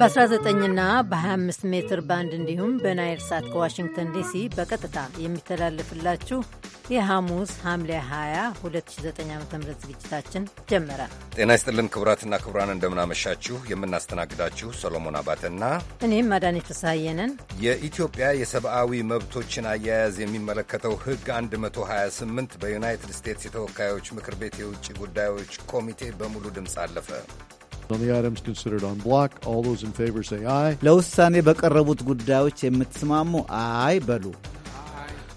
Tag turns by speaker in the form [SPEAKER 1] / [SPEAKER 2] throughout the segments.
[SPEAKER 1] በ19ና በ25 ሜትር ባንድ እንዲሁም በናይል ሳት ከዋሽንግተን ዲሲ በቀጥታ የሚተላለፍላችሁ የሐሙስ ሐምሌ 20 2009 ዓ ም ዝግጅታችን ጀመረ።
[SPEAKER 2] ጤና ይስጥልን ክቡራትና ክቡራን፣ እንደምናመሻችሁ። የምናስተናግዳችሁ ሰሎሞን አባተና
[SPEAKER 1] እኔም አዳነች ፍስሐዬ
[SPEAKER 2] የኢትዮጵያ የሰብአዊ መብቶችን አያያዝ የሚመለከተው ሕግ 128 በዩናይትድ ስቴትስ የተወካዮች ምክር ቤት የውጭ ጉዳዮች ኮሚቴ በሙሉ ድምፅ አለፈ።
[SPEAKER 3] On the items considered on block, all those in favor say aye. ለውሳኔ በቀረቡት ጉዳዮች የምትስማሙ አይ በሉ።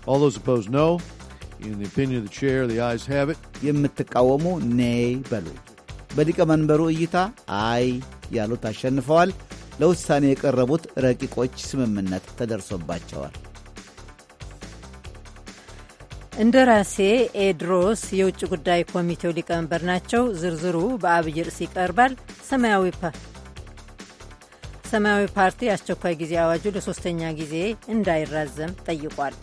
[SPEAKER 3] All those opposed no. In the opinion of the chair, the ayes have it. የምትቃወሙ ነይ በሉ። በሊቀመንበሩ እይታ አይ ያሉት አሸንፈዋል። ለውሳኔ የቀረቡት ረቂቆች ስምምነት ተደርሶባቸዋል።
[SPEAKER 1] እንደራሴ ኤድሮስ የውጭ ጉዳይ ኮሚቴው ሊቀመንበር ናቸው። ዝርዝሩ በአብይ ርዕስ ይቀርባል። ሰማያዊ ፓርቲ አስቸኳይ ጊዜ አዋጁ ለሶስተኛ ጊዜ እንዳይራዘም ጠይቋል።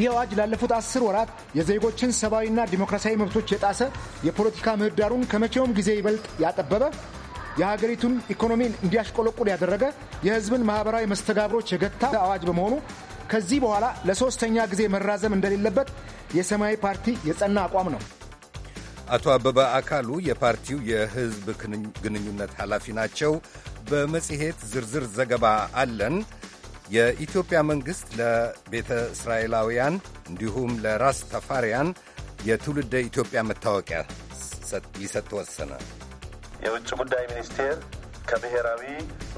[SPEAKER 1] ይህ
[SPEAKER 4] አዋጅ ላለፉት አስር ወራት የዜጎችን ሰብአዊና ዲሞክራሲያዊ መብቶች የጣሰ የፖለቲካ ምህዳሩን ከመቼውም ጊዜ ይበልጥ ያጠበበ የሀገሪቱን ኢኮኖሚን እንዲያሽቆለቁል ያደረገ የሕዝብን ማህበራዊ መስተጋብሮች የገታ አዋጅ በመሆኑ ከዚህ በኋላ ለሶስተኛ ጊዜ መራዘም እንደሌለበት የሰማያዊ ፓርቲ የጸና አቋም ነው።
[SPEAKER 2] አቶ አበበ አካሉ የፓርቲው የሕዝብ ግንኙነት ኃላፊ ናቸው። በመጽሔት ዝርዝር ዘገባ አለን። የኢትዮጵያ መንግሥት ለቤተ እስራኤላውያን እንዲሁም ለራስ ተፋሪያን የትውልደ ኢትዮጵያ መታወቂያ ሊሰጥ ተወሰነ።
[SPEAKER 5] የውጭ ጉዳይ ሚኒስቴር ከብሔራዊ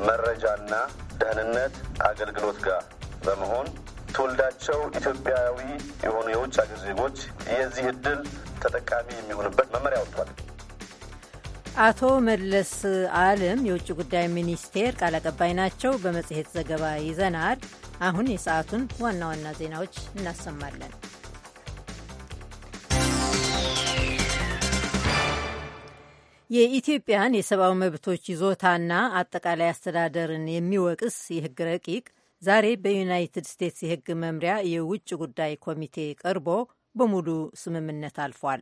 [SPEAKER 5] መረጃና ደህንነት አገልግሎት ጋር በመሆን ትውልዳቸው ኢትዮጵያዊ የሆኑ የውጭ ሀገር ዜጎች የዚህ እድል ተጠቃሚ የሚሆንበት መመሪያ ወጥቷል።
[SPEAKER 1] አቶ መለስ አለም የውጭ ጉዳይ ሚኒስቴር ቃል አቀባይ ናቸው። በመጽሔት ዘገባ ይዘናል። አሁን የሰዓቱን ዋና ዋና ዜናዎች እናሰማለን። የኢትዮጵያን የሰብአዊ መብቶች ይዞታና አጠቃላይ አስተዳደርን የሚወቅስ የሕግ ረቂቅ ዛሬ በዩናይትድ ስቴትስ የሕግ መምሪያ የውጭ ጉዳይ ኮሚቴ ቀርቦ በሙሉ ስምምነት አልፏል።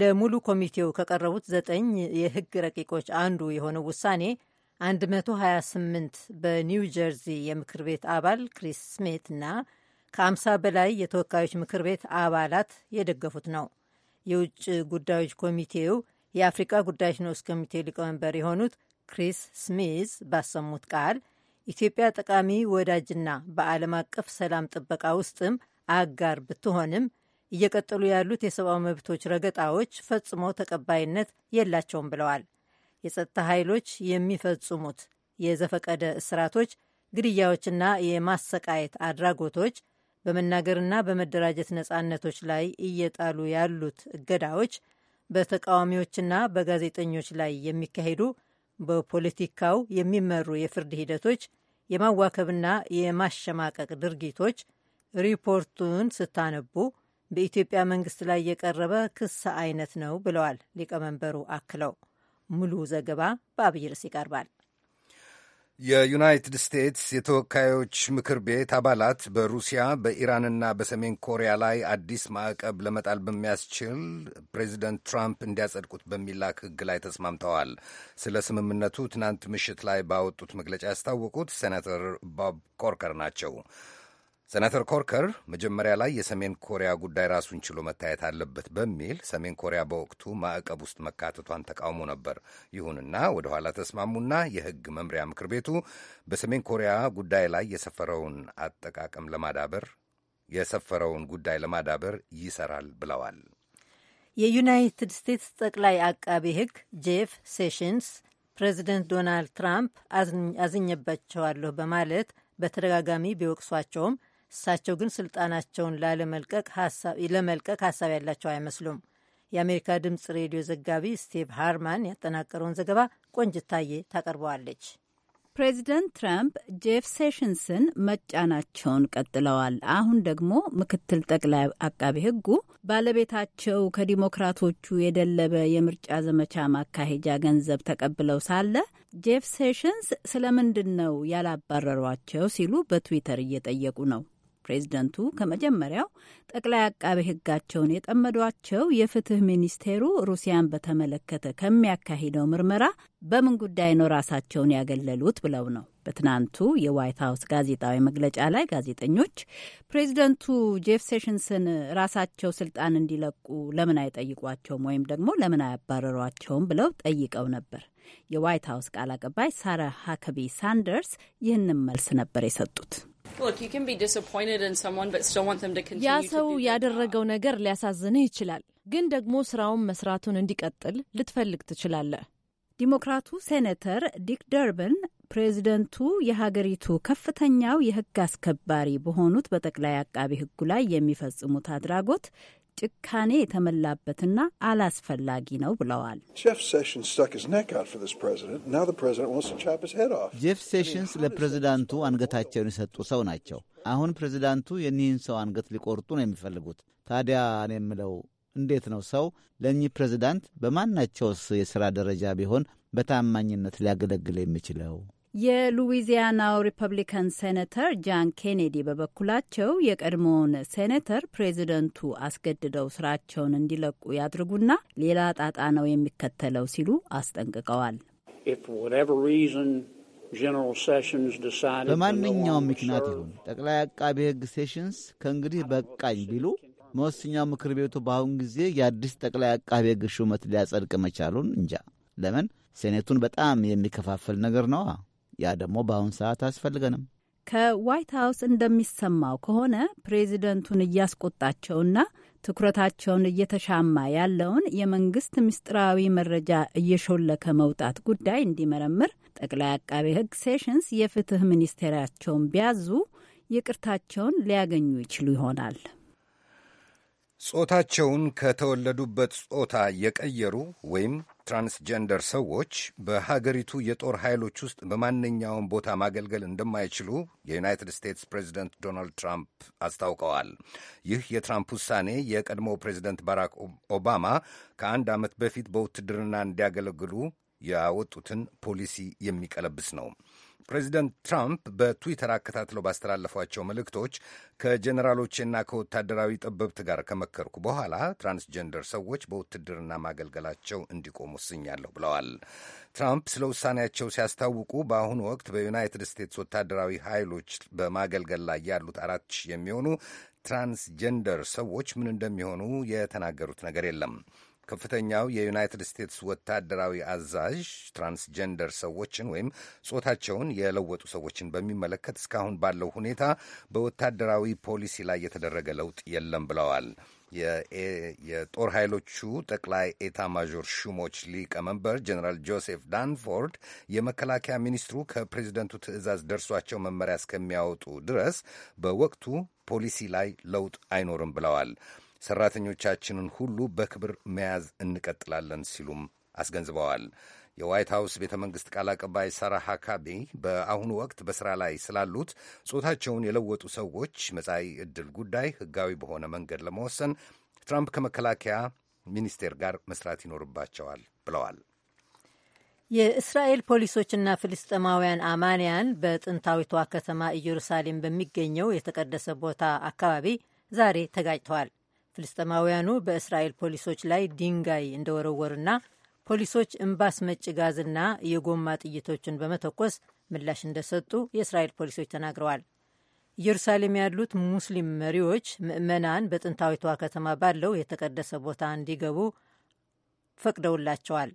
[SPEAKER 1] ለሙሉ ኮሚቴው ከቀረቡት ዘጠኝ የሕግ ረቂቆች አንዱ የሆነው ውሳኔ 128 በኒው ጀርዚ የምክር ቤት አባል ክሪስ ስሜት እና ከ50 በላይ የተወካዮች ምክር ቤት አባላት የደገፉት ነው። የውጭ ጉዳዮች ኮሚቴው የአፍሪቃ ጉዳዮች ንዑስ ኮሚቴ ሊቀመንበር የሆኑት ክሪስ ስሚዝ ባሰሙት ቃል ኢትዮጵያ ጠቃሚ ወዳጅና በዓለም አቀፍ ሰላም ጥበቃ ውስጥም አጋር ብትሆንም እየቀጠሉ ያሉት የሰብአዊ መብቶች ረገጣዎች ፈጽሞ ተቀባይነት የላቸውም ብለዋል። የጸጥታ ኃይሎች የሚፈጽሙት የዘፈቀደ እስራቶች፣ ግድያዎችና የማሰቃየት አድራጎቶች በመናገርና በመደራጀት ነጻነቶች ላይ እየጣሉ ያሉት እገዳዎች፣ በተቃዋሚዎችና በጋዜጠኞች ላይ የሚካሄዱ በፖለቲካው የሚመሩ የፍርድ ሂደቶች የማዋከብና የማሸማቀቅ ድርጊቶች ሪፖርቱን ስታነቡ በኢትዮጵያ መንግስት ላይ የቀረበ ክስ አይነት ነው ብለዋል ሊቀመንበሩ አክለው። ሙሉ ዘገባ በአብይ ርዕስ ይቀርባል።
[SPEAKER 2] የዩናይትድ ስቴትስ የተወካዮች ምክር ቤት አባላት በሩሲያ በኢራንና በሰሜን ኮሪያ ላይ አዲስ ማዕቀብ ለመጣል በሚያስችል ፕሬዚደንት ትራምፕ እንዲያጸድቁት በሚላክ ሕግ ላይ ተስማምተዋል። ስለ ስምምነቱ ትናንት ምሽት ላይ ባወጡት መግለጫ ያስታወቁት ሴናተር ቦብ ኮርከር ናቸው። ሴናተር ኮርከር መጀመሪያ ላይ የሰሜን ኮሪያ ጉዳይ ራሱን ችሎ መታየት አለበት በሚል ሰሜን ኮሪያ በወቅቱ ማዕቀብ ውስጥ መካተቷን ተቃውሞ ነበር። ይሁንና ወደ ኋላ ተስማሙና የሕግ መምሪያ ምክር ቤቱ በሰሜን ኮሪያ ጉዳይ ላይ የሰፈረውን አጠቃቀም ለማዳበር የሰፈረውን ጉዳይ ለማዳበር ይሰራል ብለዋል።
[SPEAKER 1] የዩናይትድ ስቴትስ ጠቅላይ አቃቤ ሕግ ጄፍ ሴሽንስ ፕሬዚደንት ዶናልድ ትራምፕ አዝኘባቸዋለሁ በማለት በተደጋጋሚ ቢወቅሷቸውም እሳቸው ግን ስልጣናቸውን ለመልቀቅ ሀሳብ ያላቸው አይመስሉም። የአሜሪካ ድምፅ ሬዲዮ ዘጋቢ ስቲቭ ሃርማን ያጠናቀረውን ዘገባ ቆንጅታዬ ታቀርበዋለች።
[SPEAKER 6] ፕሬዚደንት ትራምፕ ጄፍ ሴሽንስን መጫናቸውን ቀጥለዋል። አሁን ደግሞ ምክትል ጠቅላይ አቃቢ ሕጉ ባለቤታቸው ከዲሞክራቶቹ የደለበ የምርጫ ዘመቻ ማካሄጃ ገንዘብ ተቀብለው ሳለ ጄፍ ሴሽንስ ስለምንድን ነው ያላባረሯቸው ሲሉ በትዊተር እየጠየቁ ነው። ፕሬዝደንቱ ከመጀመሪያው ጠቅላይ አቃቤ ሕጋቸውን የጠመዷቸው የፍትህ ሚኒስቴሩ ሩሲያን በተመለከተ ከሚያካሂደው ምርመራ በምን ጉዳይ ነው ራሳቸውን ያገለሉት ብለው ነው። በትናንቱ የዋይት ሀውስ ጋዜጣዊ መግለጫ ላይ ጋዜጠኞች ፕሬዚደንቱ ጄፍ ሴሽንስን ራሳቸው ስልጣን እንዲለቁ ለምን አይጠይቋቸውም ወይም ደግሞ ለምን አያባረሯቸውም ብለው ጠይቀው ነበር። የዋይት ሀውስ ቃል አቀባይ ሳራ ሀከቢ ሳንደርስ ይህንን መልስ ነበር የሰጡት። ያ ሰው ያደረገው ነገር ሊያሳዝንህ ይችላል፣ ግን ደግሞ ስራውን መስራቱን እንዲቀጥል ልትፈልግ ትችላለህ። ዲሞክራቱ ሴኔተር ዲክ ደርበን ፕሬዚደንቱ የሀገሪቱ ከፍተኛው የህግ አስከባሪ በሆኑት በጠቅላይ አቃቢ ህጉ ላይ የሚፈጽሙት አድራጎት ጭካኔ የተመላበትና አላስፈላጊ ነው ብለዋል።
[SPEAKER 3] ጄፍ ሴሽንስ ለፕሬዚዳንቱ አንገታቸውን የሰጡ ሰው ናቸው። አሁን ፕሬዚዳንቱ የኒህን ሰው አንገት ሊቆርጡ ነው የሚፈልጉት። ታዲያ እኔ የምለው እንዴት ነው ሰው ለእኚህ ፕሬዝዳንት በማናቸውስ የሥራ ደረጃ ቢሆን በታማኝነት ሊያገለግል የሚችለው?
[SPEAKER 6] የሉዊዚያናው ሪፐብሊካን ሴኔተር ጃን ኬኔዲ በበኩላቸው የቀድሞውን ሴኔተር ፕሬዚደንቱ አስገድደው ስራቸውን እንዲለቁ ያድርጉና ሌላ ጣጣ ነው የሚከተለው ሲሉ አስጠንቅቀዋል።
[SPEAKER 7] በማንኛውም ምክንያት ይሁን
[SPEAKER 3] ጠቅላይ አቃቤ ሕግ ሴሽንስ ከእንግዲህ በቃኝ ቢሉ መወሰኛው ምክር ቤቱ በአሁን ጊዜ የአዲስ ጠቅላይ አቃቤ ሕግ ሹመት ሊያጸድቅ መቻሉን እንጃ። ለምን ሴኔቱን በጣም የሚከፋፍል ነገር ነዋ። ያ ደግሞ በአሁን ሰዓት አስፈልገንም
[SPEAKER 6] ከዋይት ሀውስ እንደሚሰማው ከሆነ ፕሬዚደንቱን እያስቆጣቸውና ትኩረታቸውን እየተሻማ ያለውን የመንግስት ምስጢራዊ መረጃ እየሾለከ መውጣት ጉዳይ እንዲመረምር ጠቅላይ አቃቤ ሕግ ሴሽንስ የፍትህ ሚኒስቴራቸውን ቢያዙ ይቅርታቸውን ሊያገኙ ይችሉ ይሆናል።
[SPEAKER 2] ጾታቸውን ከተወለዱበት ጾታ የቀየሩ ወይም ትራንስጀንደር ሰዎች በሀገሪቱ የጦር ኃይሎች ውስጥ በማንኛውም ቦታ ማገልገል እንደማይችሉ የዩናይትድ ስቴትስ ፕሬዚደንት ዶናልድ ትራምፕ አስታውቀዋል። ይህ የትራምፕ ውሳኔ የቀድሞው ፕሬዚደንት ባራክ ኦባማ ከአንድ ዓመት በፊት በውትድርና እንዲያገለግሉ ያወጡትን ፖሊሲ የሚቀለብስ ነው። ፕሬዚደንት ትራምፕ በትዊተር አከታትለው ባስተላለፏቸው መልእክቶች ከጀኔራሎችና ከወታደራዊ ጠበብት ጋር ከመከርኩ በኋላ ትራንስጀንደር ሰዎች በውትድርና ማገልገላቸው እንዲቆሙ ወስኛለሁ ብለዋል። ትራምፕ ስለ ውሳኔያቸው ሲያስታውቁ በአሁኑ ወቅት በዩናይትድ ስቴትስ ወታደራዊ ኃይሎች በማገልገል ላይ ያሉት አራት ሺህ የሚሆኑ ትራንስጀንደር ሰዎች ምን እንደሚሆኑ የተናገሩት ነገር የለም። ከፍተኛው የዩናይትድ ስቴትስ ወታደራዊ አዛዥ ትራንስጀንደር ሰዎችን ወይም ጾታቸውን የለወጡ ሰዎችን በሚመለከት እስካሁን ባለው ሁኔታ በወታደራዊ ፖሊሲ ላይ የተደረገ ለውጥ የለም ብለዋል። የጦር ኃይሎቹ ጠቅላይ ኤታ ማዦር ሹሞች ሊቀመንበር ጀኔራል ጆሴፍ ዳንፎርድ የመከላከያ ሚኒስትሩ ከፕሬዚደንቱ ትዕዛዝ ደርሷቸው መመሪያ እስከሚያወጡ ድረስ በወቅቱ ፖሊሲ ላይ ለውጥ አይኖርም ብለዋል። ሰራተኞቻችንን ሁሉ በክብር መያዝ እንቀጥላለን ሲሉም አስገንዝበዋል። የዋይት ሀውስ ቤተ መንግሥት ቃል አቀባይ ሳራ ሃካቢ በአሁኑ ወቅት በሥራ ላይ ስላሉት ጾታቸውን የለወጡ ሰዎች መጻኢ ዕድል ጉዳይ ሕጋዊ በሆነ መንገድ ለመወሰን ትራምፕ ከመከላከያ ሚኒስቴር ጋር መስራት ይኖርባቸዋል
[SPEAKER 8] ብለዋል።
[SPEAKER 1] የእስራኤል ፖሊሶችና ፍልስጤማውያን አማንያን በጥንታዊቷ ከተማ ኢየሩሳሌም በሚገኘው የተቀደሰ ቦታ አካባቢ ዛሬ ተጋጭተዋል። ፍልስጤማውያኑ በእስራኤል ፖሊሶች ላይ ድንጋይ እንደወረወሩና ፖሊሶች እምባስ መጭ ጋዝና የጎማ ጥይቶችን በመተኮስ ምላሽ እንደሰጡ የእስራኤል ፖሊሶች ተናግረዋል። ኢየሩሳሌም ያሉት ሙስሊም መሪዎች ምዕመናን በጥንታዊቷ ከተማ ባለው የተቀደሰ ቦታ እንዲገቡ ፈቅደውላቸዋል።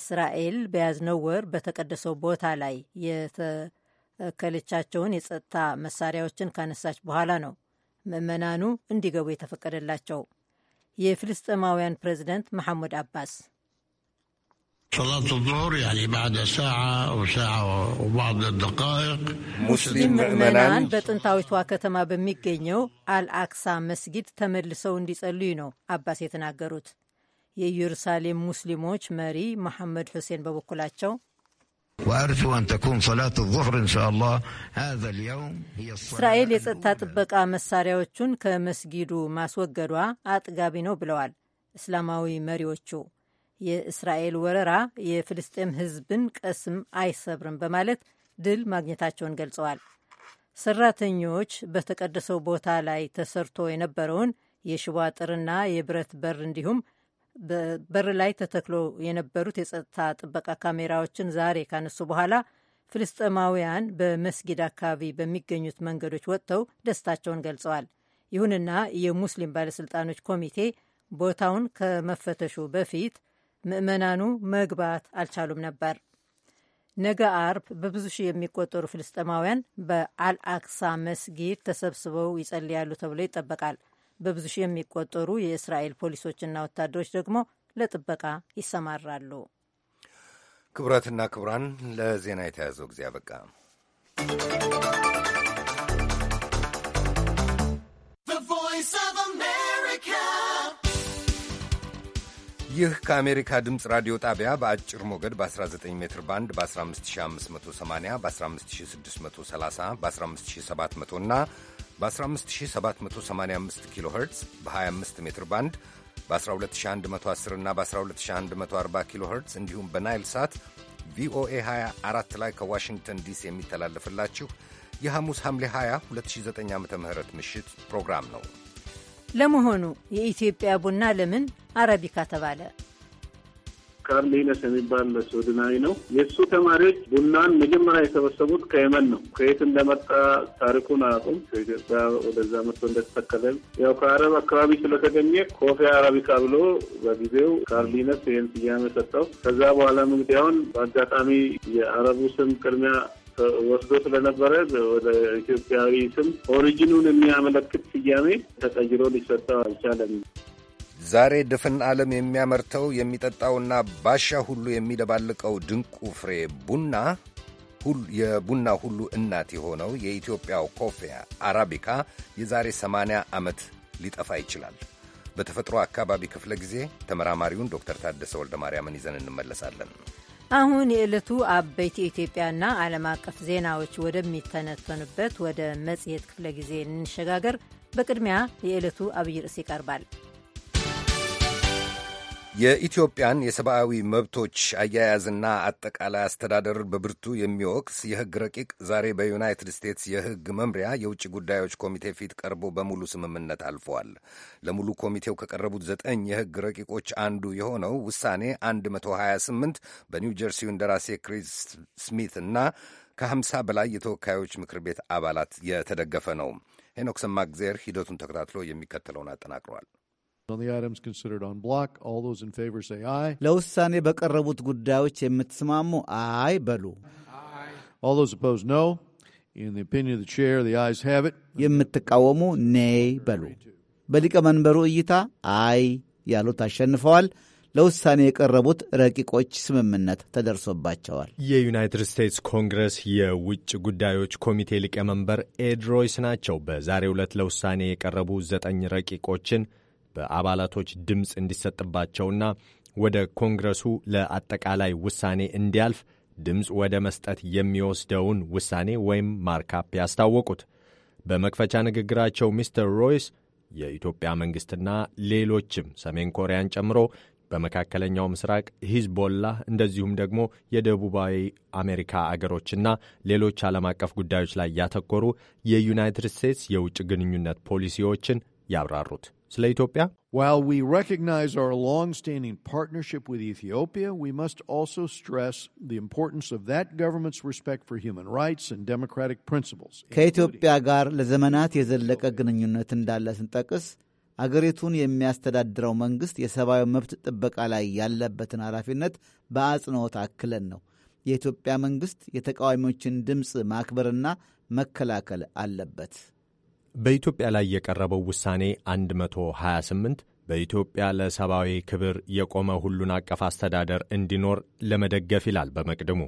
[SPEAKER 1] እስራኤል በያዝነው ወር በተቀደሰው ቦታ ላይ የተከለቻቸውን የጸጥታ መሳሪያዎችን ካነሳች በኋላ ነው ምዕመናኑ እንዲገቡ የተፈቀደላቸው። የፍልስጤማውያን ፕሬዚደንት መሐሙድ አባስ ሙስሊም ምዕመናን በጥንታዊቷ ከተማ በሚገኘው አልአክሳ መስጊድ ተመልሰው እንዲጸልዩ ነው አባስ የተናገሩት። የኢየሩሳሌም ሙስሊሞች መሪ መሐመድ ሁሴን በበኩላቸው እስራኤል የጸጥታ ጥበቃ መሳሪያዎቹን ከመስጊዱ ማስወገዷ አጥጋቢ ነው ብለዋል እስላማዊ መሪዎቹ። የእስራኤል ወረራ የፍልስጤም ሕዝብን ቀስም አይሰብርም በማለት ድል ማግኘታቸውን ገልጸዋል። ሰራተኞች በተቀደሰው ቦታ ላይ ተሰርቶ የነበረውን የሽቦ አጥርና የብረት በር እንዲሁም በበር ላይ ተተክሎ የነበሩት የጸጥታ ጥበቃ ካሜራዎችን ዛሬ ካነሱ በኋላ ፍልስጤማውያን በመስጊድ አካባቢ በሚገኙት መንገዶች ወጥተው ደስታቸውን ገልጸዋል። ይሁንና የሙስሊም ባለሥልጣኖች ኮሚቴ ቦታውን ከመፈተሹ በፊት ምዕመናኑ መግባት አልቻሉም ነበር። ነገ አርብ በብዙ ሺህ የሚቆጠሩ ፍልስጤማውያን በአልአክሳ መስጊድ ተሰብስበው ይጸልያሉ ተብሎ ይጠበቃል። በብዙ ሺህ የሚቆጠሩ የእስራኤል ፖሊሶችና ወታደሮች ደግሞ ለጥበቃ ይሰማራሉ።
[SPEAKER 2] ክቡራትና ክቡራን ለዜና የተያዘው ጊዜ አበቃ። ይህ ከአሜሪካ ድምፅ ራዲዮ ጣቢያ በአጭር ሞገድ በ19 ሜትር ባንድ በ15580 በ15630 በ15700 እና በ15785 ኪሎ ኸርትዝ በ25 ሜትር ባንድ በ12110 እና በ12140 ኪሎ ኸርትዝ እንዲሁም በናይል ሳት ቪኦኤ 24 ላይ ከዋሽንግተን ዲሲ የሚተላለፍላችሁ የሐሙስ ሐምሌ 20 2009 ዓ ም ምሽት ፕሮግራም ነው።
[SPEAKER 1] ለመሆኑ የኢትዮጵያ ቡና ለምን አረቢካ ተባለ?
[SPEAKER 2] ካርል
[SPEAKER 9] ሂነስ የሚባል ስዊድናዊ ነው። የእሱ ተማሪዎች ቡናን መጀመሪያ የሰበሰቡት ከየመን ነው። ከየት እንደመጣ ታሪኩን አያውቁም። ከኢትዮጵያ ወደዛ መጥቶ እንደተተከለ ያው ከአረብ አካባቢ ስለተገኘ ኮፊ አረቢካ ብሎ በጊዜው ካርል ይህን ስያሜ ሰጠው። ከዛ በኋላ እንግዲያውን በአጋጣሚ የአረቡ ስም ቅድሚያ ወስዶ ስለነበረ ወደ ኢትዮጵያዊ ስም ኦሪጂኑን የሚያመለክት ስያሜ ተቀይሮ
[SPEAKER 10] ሊሰጠው አልቻለም።
[SPEAKER 2] ዛሬ ድፍን ዓለም የሚያመርተው የሚጠጣውና ባሻ ሁሉ የሚደባልቀው ድንቁ ፍሬ ቡና የቡና ሁሉ እናት የሆነው የኢትዮጵያው ኮፊያ አራቢካ የዛሬ 80 ዓመት ሊጠፋ ይችላል። በተፈጥሮ አካባቢ ክፍለ ጊዜ ተመራማሪውን ዶክተር ታደሰ ወልደ ማርያምን ይዘን እንመለሳለን።
[SPEAKER 1] አሁን የዕለቱ አበይት የኢትዮጵያና ዓለም አቀፍ ዜናዎች ወደሚተነተኑበት ወደ መጽሔት ክፍለ ጊዜ እንሸጋገር። በቅድሚያ የዕለቱ አብይ ርዕስ ይቀርባል።
[SPEAKER 2] የኢትዮጵያን የሰብአዊ መብቶች አያያዝና አጠቃላይ አስተዳደር በብርቱ የሚወቅስ የሕግ ረቂቅ ዛሬ በዩናይትድ ስቴትስ የሕግ መምሪያ የውጭ ጉዳዮች ኮሚቴ ፊት ቀርቦ በሙሉ ስምምነት አልፏል። ለሙሉ ኮሚቴው ከቀረቡት ዘጠኝ የሕግ ረቂቆች አንዱ የሆነው ውሳኔ 128 በኒው ጀርሲው እንደራሴ ክሪስ ስሚት እና ከ50 በላይ የተወካዮች ምክር ቤት አባላት የተደገፈ ነው። ሄኖክ ሰማግዜር ሂደቱን ተከታትሎ የሚከተለውን አጠናቅሯል።
[SPEAKER 3] ለውሳኔ በቀረቡት ጉዳዮች የምትስማሙ አይ በሉ። የምትቃወሙ ኔይ በሉ። በሊቀመንበሩ እይታ አይ ያሉት አሸንፈዋል። ለውሳኔ የቀረቡት ረቂቆች ስምምነት ተደርሶባቸዋል።
[SPEAKER 11] የዩናይትድ ስቴትስ ኮንግረስ የውጭ ጉዳዮች ኮሚቴ ሊቀመንበር ኤድ ሮይስ ናቸው። በዛሬው ዕለት ለውሳኔ የቀረቡ ዘጠኝ ረቂቆችን በአባላቶች ድምፅ እንዲሰጥባቸውና ወደ ኮንግረሱ ለአጠቃላይ ውሳኔ እንዲያልፍ ድምፅ ወደ መስጠት የሚወስደውን ውሳኔ ወይም ማርካፕ ያስታወቁት። በመክፈቻ ንግግራቸው ሚስተር ሮይስ የኢትዮጵያ መንግሥትና ሌሎችም ሰሜን ኮሪያን ጨምሮ በመካከለኛው ምስራቅ ሂዝቦላ እንደዚሁም ደግሞ የደቡባዊ አሜሪካ አገሮችና ሌሎች ዓለም አቀፍ ጉዳዮች ላይ ያተኮሩ የዩናይትድ ስቴትስ የውጭ ግንኙነት ፖሊሲዎችን ያብራሩት። ስለ ኢትዮጵያ
[SPEAKER 3] While we recognize our long-standing partnership with Ethiopia, we must also stress the importance of that government's respect for human rights and democratic principles. ከኢትዮጵያ ጋር ለዘመናት የዘለቀ ግንኙነት እንዳለ ስንጠቅስ አገሪቱን የሚያስተዳድረው መንግሥት የሰብአዊ መብት ጥበቃ ላይ ያለበትን ኃላፊነት በአጽንኦት አክለን ነው። የኢትዮጵያ መንግሥት የተቃዋሚዎችን ድምፅ ማክበርና መከላከል አለበት።
[SPEAKER 11] በኢትዮጵያ ላይ የቀረበው ውሳኔ 128 በኢትዮጵያ ለሰብአዊ ክብር የቆመ ሁሉን አቀፍ አስተዳደር እንዲኖር ለመደገፍ ይላል በመቅድሙ።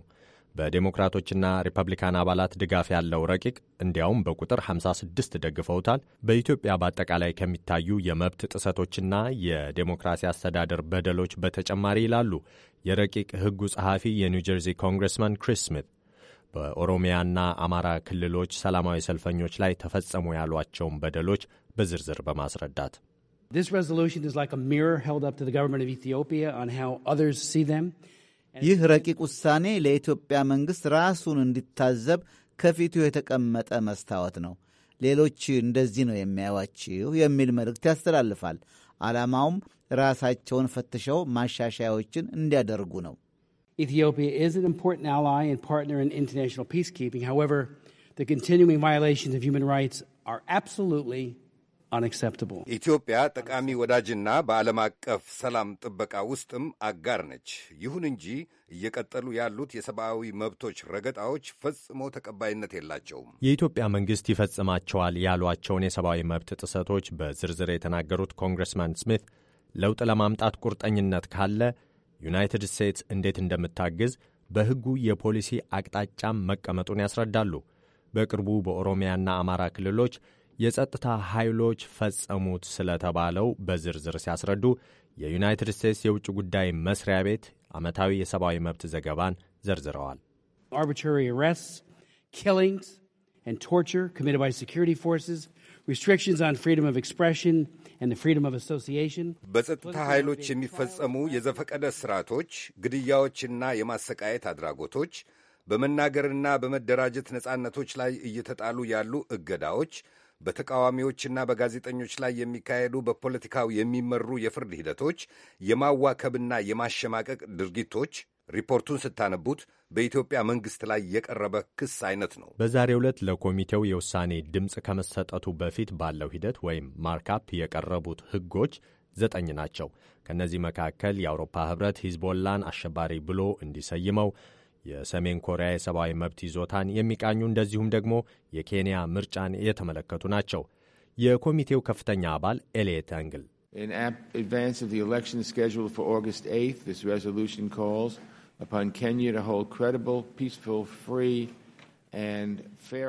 [SPEAKER 11] በዴሞክራቶችና ሪፐብሊካን አባላት ድጋፍ ያለው ረቂቅ እንዲያውም በቁጥር 56 ደግፈውታል። በኢትዮጵያ በአጠቃላይ ከሚታዩ የመብት ጥሰቶችና የዴሞክራሲ አስተዳደር በደሎች በተጨማሪ ይላሉ የረቂቅ ሕጉ ጸሐፊ የኒውጀርዚ ኮንግረስማን ክሪስ ስሚት በኦሮሚያና አማራ ክልሎች ሰላማዊ ሰልፈኞች ላይ ተፈጸሙ ያሏቸውን በደሎች በዝርዝር በማስረዳት
[SPEAKER 3] ይህ ረቂቅ ውሳኔ ለኢትዮጵያ መንግሥት ራሱን እንዲታዘብ ከፊቱ የተቀመጠ መስታወት ነው። ሌሎች እንደዚህ ነው የሚያዩዋችሁ የሚል መልእክት ያስተላልፋል። ዓላማውም ራሳቸውን ፈትሸው ማሻሻያዎችን እንዲያደርጉ ነው።
[SPEAKER 12] Ethiopia is an important ally and partner in international peacekeeping. However, the continuing violations of human rights are absolutely unacceptable.
[SPEAKER 2] ኢትዮጵያ ጠቃሚ ወዳጅና በዓለም አቀፍ ሰላም ጥበቃ ውስጥም አጋር ነች። ይሁን እንጂ እየቀጠሉ ያሉት የሰብአዊ መብቶች ረገጣዎች ፈጽሞ ተቀባይነት የላቸውም።
[SPEAKER 11] የኢትዮጵያ መንግስት ይፈጽማቸዋል ያሏቸውን የሰብአዊ መብት ጥሰቶች በዝርዝር የተናገሩት ኮንግረስማን ስሚት ለውጥ ለማምጣት ቁርጠኝነት ካለ ዩናይትድ ስቴትስ እንዴት እንደምታግዝ በሕጉ የፖሊሲ አቅጣጫም መቀመጡን ያስረዳሉ። በቅርቡ በኦሮሚያና አማራ ክልሎች የጸጥታ ኃይሎች ፈጸሙት ስለተባለው በዝርዝር ሲያስረዱ የዩናይትድ ስቴትስ የውጭ ጉዳይ መስሪያ ቤት ዓመታዊ የሰብአዊ መብት ዘገባን ዘርዝረዋል።
[SPEAKER 12] ኪሊንግስ ቶርቸር
[SPEAKER 2] በጸጥታ ኃይሎች የሚፈጸሙ የዘፈቀደ ስርዓቶች፣ ግድያዎችና የማሰቃየት አድራጎቶች በመናገርና በመደራጀት ነጻነቶች ላይ እየተጣሉ ያሉ እገዳዎች፣ በተቃዋሚዎችና በጋዜጠኞች ላይ የሚካሄዱ በፖለቲካው የሚመሩ የፍርድ ሂደቶች፣ የማዋከብና የማሸማቀቅ ድርጊቶች ሪፖርቱን ስታነቡት በኢትዮጵያ መንግሥት ላይ የቀረበ ክስ አይነት ነው።
[SPEAKER 11] በዛሬው ዕለት ለኮሚቴው የውሳኔ ድምፅ ከመሰጠቱ በፊት ባለው ሂደት ወይም ማርካፕ የቀረቡት ህጎች ዘጠኝ ናቸው። ከእነዚህ መካከል የአውሮፓ ህብረት ሂዝቦላን አሸባሪ ብሎ እንዲሰይመው የሰሜን ኮሪያ የሰብአዊ መብት ይዞታን የሚቃኙ እንደዚሁም ደግሞ የኬንያ ምርጫን የተመለከቱ ናቸው። የኮሚቴው ከፍተኛ አባል ኤልየት አንግል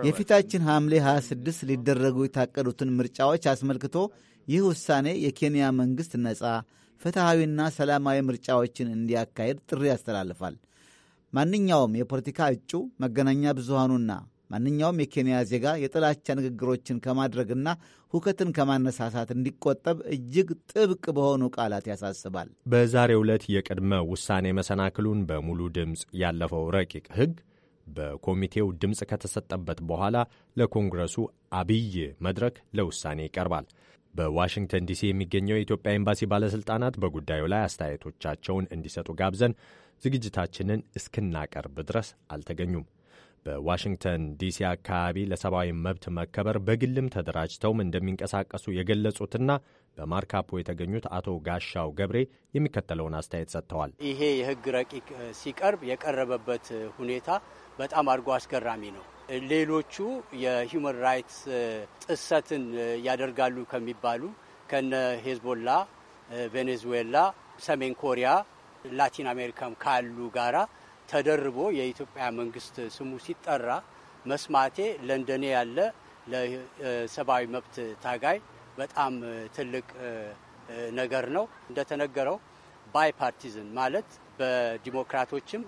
[SPEAKER 2] የፊታችን
[SPEAKER 3] ሐምሌ 26 ሊደረጉ የታቀዱትን ምርጫዎች አስመልክቶ ይህ ውሳኔ የኬንያ መንግሥት ነጻ ፍትሐዊና ሰላማዊ ምርጫዎችን እንዲያካሄድ ጥሪ ያስተላልፋል። ማንኛውም የፖለቲካ እጩ መገናኛ ብዙሃኑና ማንኛውም የኬንያ ዜጋ የጥላቻ ንግግሮችን ከማድረግና ሁከትን ከማነሳሳት እንዲቆጠብ እጅግ ጥብቅ በሆኑ ቃላት ያሳስባል።
[SPEAKER 11] በዛሬው ዕለት የቅድመ ውሳኔ መሰናክሉን በሙሉ ድምፅ ያለፈው ረቂቅ ሕግ በኮሚቴው ድምፅ ከተሰጠበት በኋላ ለኮንግረሱ አብይ መድረክ ለውሳኔ ይቀርባል። በዋሽንግተን ዲሲ የሚገኘው የኢትዮጵያ ኤምባሲ ባለሥልጣናት በጉዳዩ ላይ አስተያየቶቻቸውን እንዲሰጡ ጋብዘን ዝግጅታችንን እስክናቀርብ ድረስ አልተገኙም። በዋሽንግተን ዲሲ አካባቢ ለሰብአዊ መብት መከበር በግልም ተደራጅተውም እንደሚንቀሳቀሱ የገለጹትና በማርካፖ የተገኙት አቶ ጋሻው ገብሬ የሚከተለውን አስተያየት ሰጥተዋል።
[SPEAKER 7] ይሄ የህግ ረቂቅ ሲቀርብ የቀረበበት ሁኔታ በጣም አድርጎ አስገራሚ ነው። ሌሎቹ የሂውማን ራይትስ ጥሰትን ያደርጋሉ ከሚባሉ ከነ ሄዝቦላ፣ ቬኔዙዌላ፣ ሰሜን ኮሪያ፣ ላቲን አሜሪካም ካሉ ጋራ ተደርቦ የኢትዮጵያ መንግስት ስሙ ሲጠራ መስማቴ ለእንደኔ ያለ ለሰብአዊ መብት ታጋይ በጣም ትልቅ ነገር ነው። እንደተነገረው ባይፓርቲዝን ማለት በዲሞክራቶችም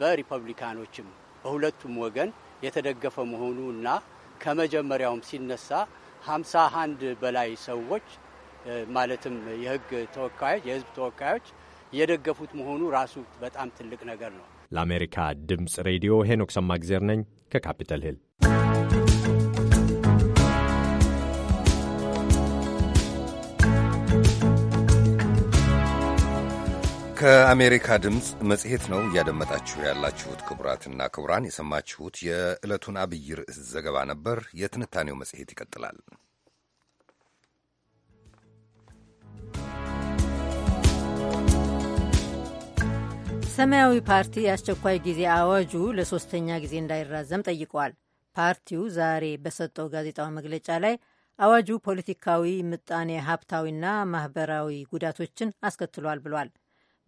[SPEAKER 7] በሪፐብሊካኖችም በሁለቱም ወገን የተደገፈ መሆኑ እና ከመጀመሪያውም ሲነሳ ሀምሳ አንድ በላይ ሰዎች ማለትም የህግ ተወካዮች የህዝብ ተወካዮች የደገፉት መሆኑ ራሱ በጣም ትልቅ ነገር ነው።
[SPEAKER 11] ለአሜሪካ ድምፅ ሬዲዮ ሄኖክ ሰማግዜር ነኝ ከካፒተል ሂል።
[SPEAKER 2] ከአሜሪካ ድምፅ መጽሔት ነው እያደመጣችሁ ያላችሁት። ክቡራትና ክቡራን የሰማችሁት የዕለቱን አብይ ርዕስ ዘገባ ነበር። የትንታኔው መጽሔት ይቀጥላል።
[SPEAKER 1] ሰማያዊ ፓርቲ የአስቸኳይ ጊዜ አዋጁ ለሶስተኛ ጊዜ እንዳይራዘም ጠይቋል። ፓርቲው ዛሬ በሰጠው ጋዜጣዊ መግለጫ ላይ አዋጁ ፖለቲካዊ፣ ምጣኔ ሀብታዊና ማህበራዊ ጉዳቶችን አስከትሏል ብሏል።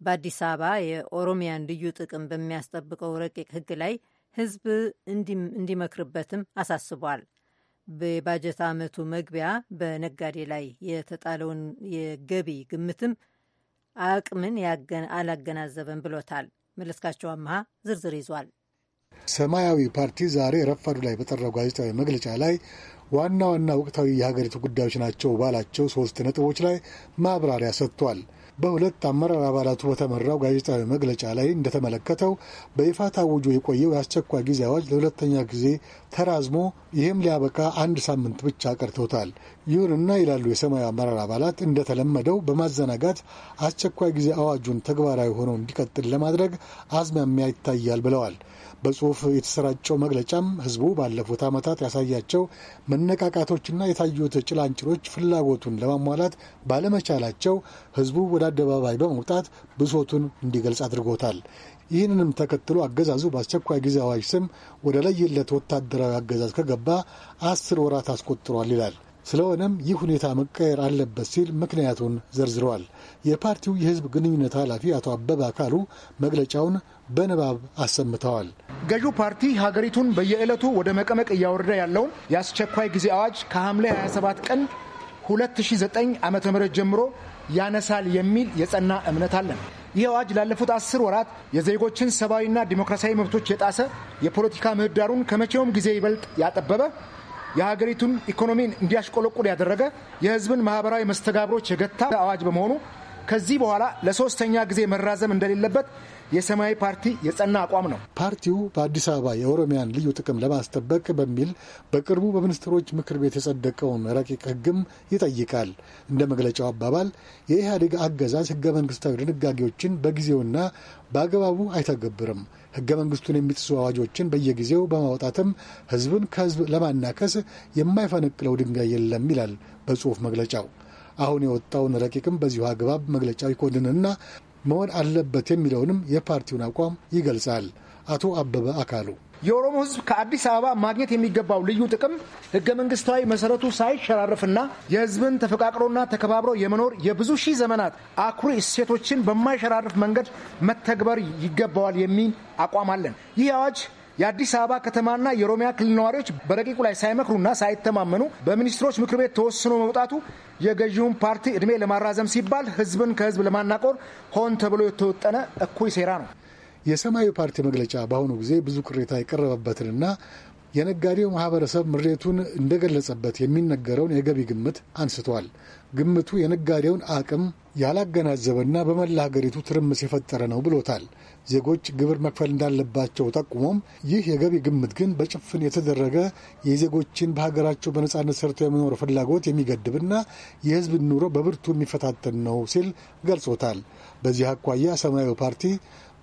[SPEAKER 1] በአዲስ አበባ የኦሮሚያን ልዩ ጥቅም በሚያስጠብቀው ረቂቅ ሕግ ላይ ሕዝብ እንዲመክርበትም አሳስቧል። በባጀት ዓመቱ መግቢያ በነጋዴ ላይ የተጣለውን የገቢ ግምትም አቅምን አላገናዘበም ብሎታል። መለስካቸው አመሃ ዝርዝር ይዟል።
[SPEAKER 13] ሰማያዊ ፓርቲ ዛሬ ረፋዱ ላይ በጠራው ጋዜጣዊ መግለጫ ላይ ዋና ዋና ወቅታዊ የሀገሪቱ ጉዳዮች ናቸው ባላቸው ሶስት ነጥቦች ላይ ማብራሪያ ሰጥቷል። በሁለት አመራር አባላቱ በተመራው ጋዜጣዊ መግለጫ ላይ እንደተመለከተው በይፋ ታውጆ የቆየው የአስቸኳይ ጊዜ አዋጅ ለሁለተኛ ጊዜ ተራዝሞ ይህም ሊያበቃ አንድ ሳምንት ብቻ ቀርቶታል። ይሁንና ይላሉ የሰማያዊ አመራር አባላት እንደተለመደው በማዘናጋት አስቸኳይ ጊዜ አዋጁን ተግባራዊ ሆነው እንዲቀጥል ለማድረግ አዝማሚያ ይታያል ብለዋል። በጽሁፍ የተሰራጨው መግለጫም ህዝቡ ባለፉት ዓመታት ያሳያቸው መነቃቃቶችና የታዩት ጭላንጭሎች ፍላጎቱን ለማሟላት ባለመቻላቸው ህዝቡ ወደ አደባባይ በመውጣት ብሶቱን እንዲገልጽ አድርጎታል። ይህንንም ተከትሎ አገዛዙ በአስቸኳይ ጊዜ አዋጅ ስም ወደ ለየለት ወታደራዊ አገዛዝ ከገባ አስር ወራት አስቆጥሯል ይላል ስለሆነም ይህ ሁኔታ መቀየር አለበት ሲል ምክንያቱን ዘርዝረዋል። የፓርቲው የህዝብ ግንኙነት ኃላፊ አቶ አበበ አካሉ መግለጫውን በንባብ አሰምተዋል።
[SPEAKER 4] ገዢው ፓርቲ ሀገሪቱን በየዕለቱ ወደ መቀመቅ እያወረደ ያለውን የአስቸኳይ ጊዜ አዋጅ ከሐምሌ 27 ቀን 2009 ዓ ም ጀምሮ ያነሳል የሚል የጸና እምነት አለን። ይህ አዋጅ ላለፉት አስር ወራት የዜጎችን ሰብአዊና ዲሞክራሲያዊ መብቶች የጣሰ የፖለቲካ ምህዳሩን ከመቼውም ጊዜ ይበልጥ ያጠበበ የሀገሪቱን ኢኮኖሚን እንዲያሽቆለቁል ያደረገ የህዝብን ማህበራዊ መስተጋብሮች የገታ አዋጅ በመሆኑ ከዚህ በኋላ ለሶስተኛ ጊዜ መራዘም እንደሌለበት የሰማያዊ ፓርቲ የጸና አቋም ነው።
[SPEAKER 13] ፓርቲው በአዲስ አበባ የኦሮሚያን ልዩ ጥቅም ለማስጠበቅ በሚል በቅርቡ በሚኒስትሮች ምክር ቤት የጸደቀውን ረቂቅ ህግም ይጠይቃል። እንደ መግለጫው አባባል የኢህአዴግ አገዛዝ ህገ መንግስታዊ ድንጋጌዎችን በጊዜውና በአግባቡ አይተገብርም ህገ መንግስቱን የሚጥሱ አዋጆችን በየጊዜው በማውጣትም ህዝብን ከህዝብ ለማናከስ የማይፈነቅለው ድንጋይ የለም ይላል በጽሁፍ መግለጫው። አሁን የወጣውን ረቂቅም በዚሁ አግባብ መግለጫው ይኮንንና መሆን አለበት የሚለውንም የፓርቲውን
[SPEAKER 4] አቋም ይገልጻል። አቶ አበበ አካሉ የኦሮሞ ህዝብ ከአዲስ አበባ ማግኘት የሚገባው ልዩ ጥቅም ህገ መንግስታዊ መሰረቱ ሳይሸራረፍና የህዝብን ተፈቃቅሮና ተከባብሮ የመኖር የብዙ ሺህ ዘመናት አኩሪ እሴቶችን በማይሸራርፍ መንገድ መተግበር ይገባዋል የሚል አቋም አለን። ይህ አዋጅ የአዲስ አበባ ከተማና የኦሮሚያ ክልል ነዋሪዎች በረቂቁ ላይ ሳይመክሩና ሳይተማመኑ በሚኒስትሮች ምክር ቤት ተወስኖ መውጣቱ የገዢውን ፓርቲ እድሜ ለማራዘም ሲባል ህዝብን ከህዝብ ለማናቆር ሆን ተብሎ የተወጠነ እኩይ ሴራ ነው።
[SPEAKER 13] የሰማያዊ ፓርቲ መግለጫ በአሁኑ ጊዜ ብዙ ቅሬታ የቀረበበትንና የነጋዴው ማህበረሰብ ምሬቱን እንደገለጸበት የሚነገረውን የገቢ ግምት አንስቷል። ግምቱ የነጋዴውን አቅም ያላገናዘበና በመላ ሀገሪቱ ትርምስ የፈጠረ ነው ብሎታል። ዜጎች ግብር መክፈል እንዳለባቸው ጠቁሞም ይህ የገቢ ግምት ግን በጭፍን የተደረገ የዜጎችን በሀገራቸው በነጻነት ሰርተው የመኖር ፍላጎት የሚገድብና የሕዝብን ኑሮ በብርቱ የሚፈታተን ነው ሲል ገልጾታል። በዚህ አኳያ ሰማያዊ ፓርቲ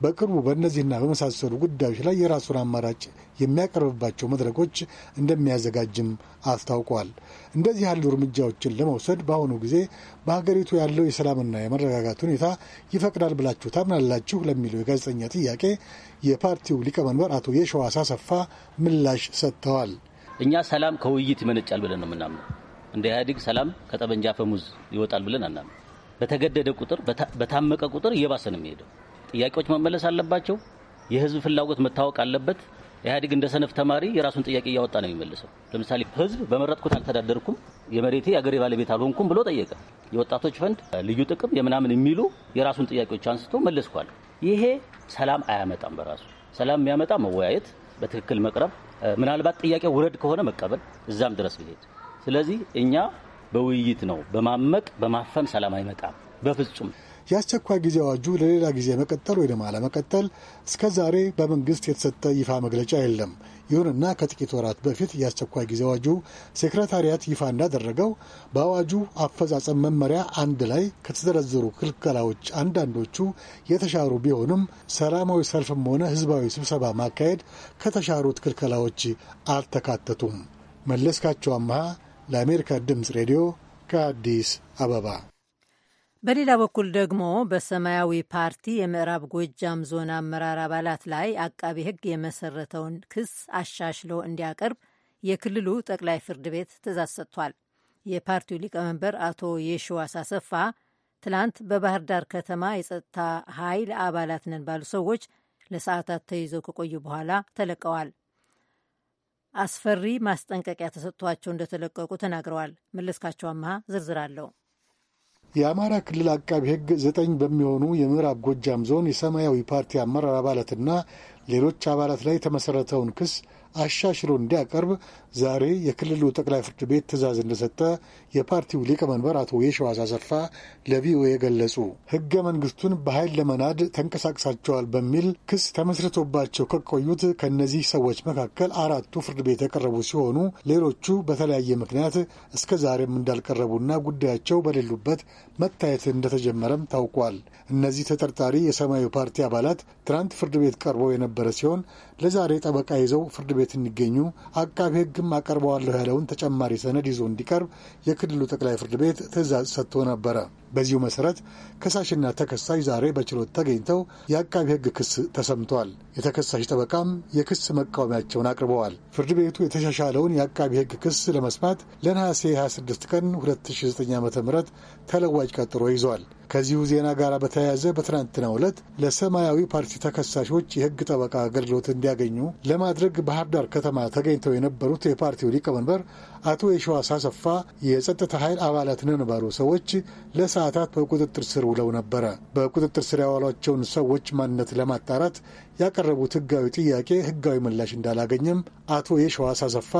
[SPEAKER 13] በቅርቡ በእነዚህና በመሳሰሉ ጉዳዮች ላይ የራሱን አማራጭ የሚያቀርብባቸው መድረኮች እንደሚያዘጋጅም አስታውቋል። እንደዚህ ያሉ እርምጃዎችን ለመውሰድ በአሁኑ ጊዜ በሀገሪቱ ያለው የሰላምና የመረጋጋት ሁኔታ ይፈቅዳል ብላችሁ ታምናላችሁ ለሚለው የጋዜጠኛ ጥያቄ የፓርቲው ሊቀመንበር አቶ የሸዋስ አሰፋ ምላሽ ሰጥተዋል።
[SPEAKER 7] እኛ ሰላም ከውይይት ይመነጫል ብለን ነው የምናምነው። እንደ ኢህአዴግ ሰላም ከጠመንጃ ፈሙዝ ይወጣል ብለን አናምነው። በተገደደ ቁጥር፣ በታመቀ ቁጥር እየባሰ ነው የሚሄደው። ጥያቄዎች መመለስ አለባቸው። የህዝብ ፍላጎት መታወቅ አለበት። ኢህአዴግ እንደ ሰነፍ ተማሪ የራሱን ጥያቄ እያወጣ ነው የሚመልሰው። ለምሳሌ ህዝብ በመረጥኩት አልተዳደርኩም፣ የመሬቴ የአገሬ ባለቤት አልሆንኩም ብሎ ጠየቀ። የወጣቶች ፈንድ፣ ልዩ ጥቅም፣ የምናምን የሚሉ የራሱን ጥያቄዎች አንስቶ መለስኳል። ይሄ ሰላም አያመጣም። በራሱ ሰላም የሚያመጣ መወያየት፣ በትክክል መቅረብ፣ ምናልባት ጥያቄ ውረድ ከሆነ መቀበል፣ እዛም ድረስ ብሄድ። ስለዚህ እኛ በውይይት ነው በማመቅ በማፈን ሰላም አይመጣም በፍጹም።
[SPEAKER 13] የአስቸኳይ ጊዜ አዋጁ ለሌላ ጊዜ መቀጠል ወይም አለመቀጠል እስከ ዛሬ በመንግስት የተሰጠ ይፋ መግለጫ የለም። ይሁንና ከጥቂት ወራት በፊት የአስቸኳይ ጊዜ አዋጁ ሴክረታሪያት ይፋ እንዳደረገው በአዋጁ አፈጻጸም መመሪያ አንድ ላይ ከተዘረዘሩ ክልከላዎች አንዳንዶቹ የተሻሩ ቢሆንም ሰላማዊ ሰልፍም ሆነ ህዝባዊ ስብሰባ ማካሄድ ከተሻሩት ክልከላዎች አልተካተቱም። መለስካቸው አምሃ ለአሜሪካ ድምፅ ሬዲዮ ከአዲስ አበባ
[SPEAKER 1] በሌላ በኩል ደግሞ በሰማያዊ ፓርቲ የምዕራብ ጎጃም ዞን አመራር አባላት ላይ አቃቢ ሕግ የመሰረተውን ክስ አሻሽሎ እንዲያቀርብ የክልሉ ጠቅላይ ፍርድ ቤት ትእዛዝ ሰጥቷል። የፓርቲው ሊቀመንበር አቶ የሽዋስ አሰፋ ትላንት በባህር ዳር ከተማ የጸጥታ ኃይል አባላት ነን ባሉ ሰዎች ለሰዓታት ተይዘው ከቆዩ በኋላ ተለቀዋል። አስፈሪ ማስጠንቀቂያ ተሰጥቷቸው እንደተለቀቁ ተናግረዋል። መለስካቸው አመሃ ዝርዝር አለው።
[SPEAKER 13] የአማራ ክልል አቃቢ ሕግ ዘጠኝ በሚሆኑ የምዕራብ ጎጃም ዞን የሰማያዊ ፓርቲ አመራር አባላትና ሌሎች አባላት ላይ የተመሠረተውን ክስ አሻሽሎ እንዲያቀርብ ዛሬ የክልሉ ጠቅላይ ፍርድ ቤት ትዕዛዝ እንደሰጠ የፓርቲው ሊቀመንበር አቶ የሸዋስ አሰፋ ለቪኦኤ ገለጹ። ህገ መንግስቱን በኃይል ለመናድ ተንቀሳቅሳቸዋል በሚል ክስ ተመስርቶባቸው ከቆዩት ከእነዚህ ሰዎች መካከል አራቱ ፍርድ ቤት የቀረቡ ሲሆኑ ሌሎቹ በተለያየ ምክንያት እስከ ዛሬም እንዳልቀረቡና ጉዳያቸው በሌሉበት መታየት እንደተጀመረም ታውቋል። እነዚህ ተጠርጣሪ የሰማያዊ ፓርቲ አባላት ትናንት ፍርድ ቤት ቀርበው የነበረ ሲሆን ለዛሬ ጠበቃ ይዘው ፍርድ ቤት እንዲገኙ አቃቤ ሕግ ለሕግም አቀርበዋለሁ ያለውን ተጨማሪ ሰነድ ይዞ እንዲቀርብ የክልሉ ጠቅላይ ፍርድ ቤት ትዕዛዝ ሰጥቶ ነበረ። በዚሁ መሰረት ከሳሽና ተከሳሽ ዛሬ በችሎት ተገኝተው የአቃቢ ሕግ ክስ ተሰምቷል። የተከሳሽ ጠበቃም የክስ መቃወሚያቸውን አቅርበዋል። ፍርድ ቤቱ የተሻሻለውን የአቃቢ ሕግ ክስ ለመስማት ለነሐሴ 26 ቀን 2009 ዓ ም ተለዋጭ ቀጥሮ ይዟል። ከዚሁ ዜና ጋር በተያያዘ በትናንትናው ዕለት ለሰማያዊ ፓርቲ ተከሳሾች የሕግ ጠበቃ አገልግሎት እንዲያገኙ ለማድረግ ባህር ዳር ከተማ ተገኝተው የነበሩት የፓርቲው ሊቀመንበር አቶ የሸዋስ አሰፋ የጸጥታ ኃይል አባላት ነን ባሉ ሰዎች ለሰዓታት በቁጥጥር ስር ውለው ነበረ። በቁጥጥር ስር ያዋሏቸውን ሰዎች ማንነት ለማጣራት ያቀረቡት ህጋዊ ጥያቄ ህጋዊ ምላሽ እንዳላገኘም አቶ የሸዋስ አሰፋ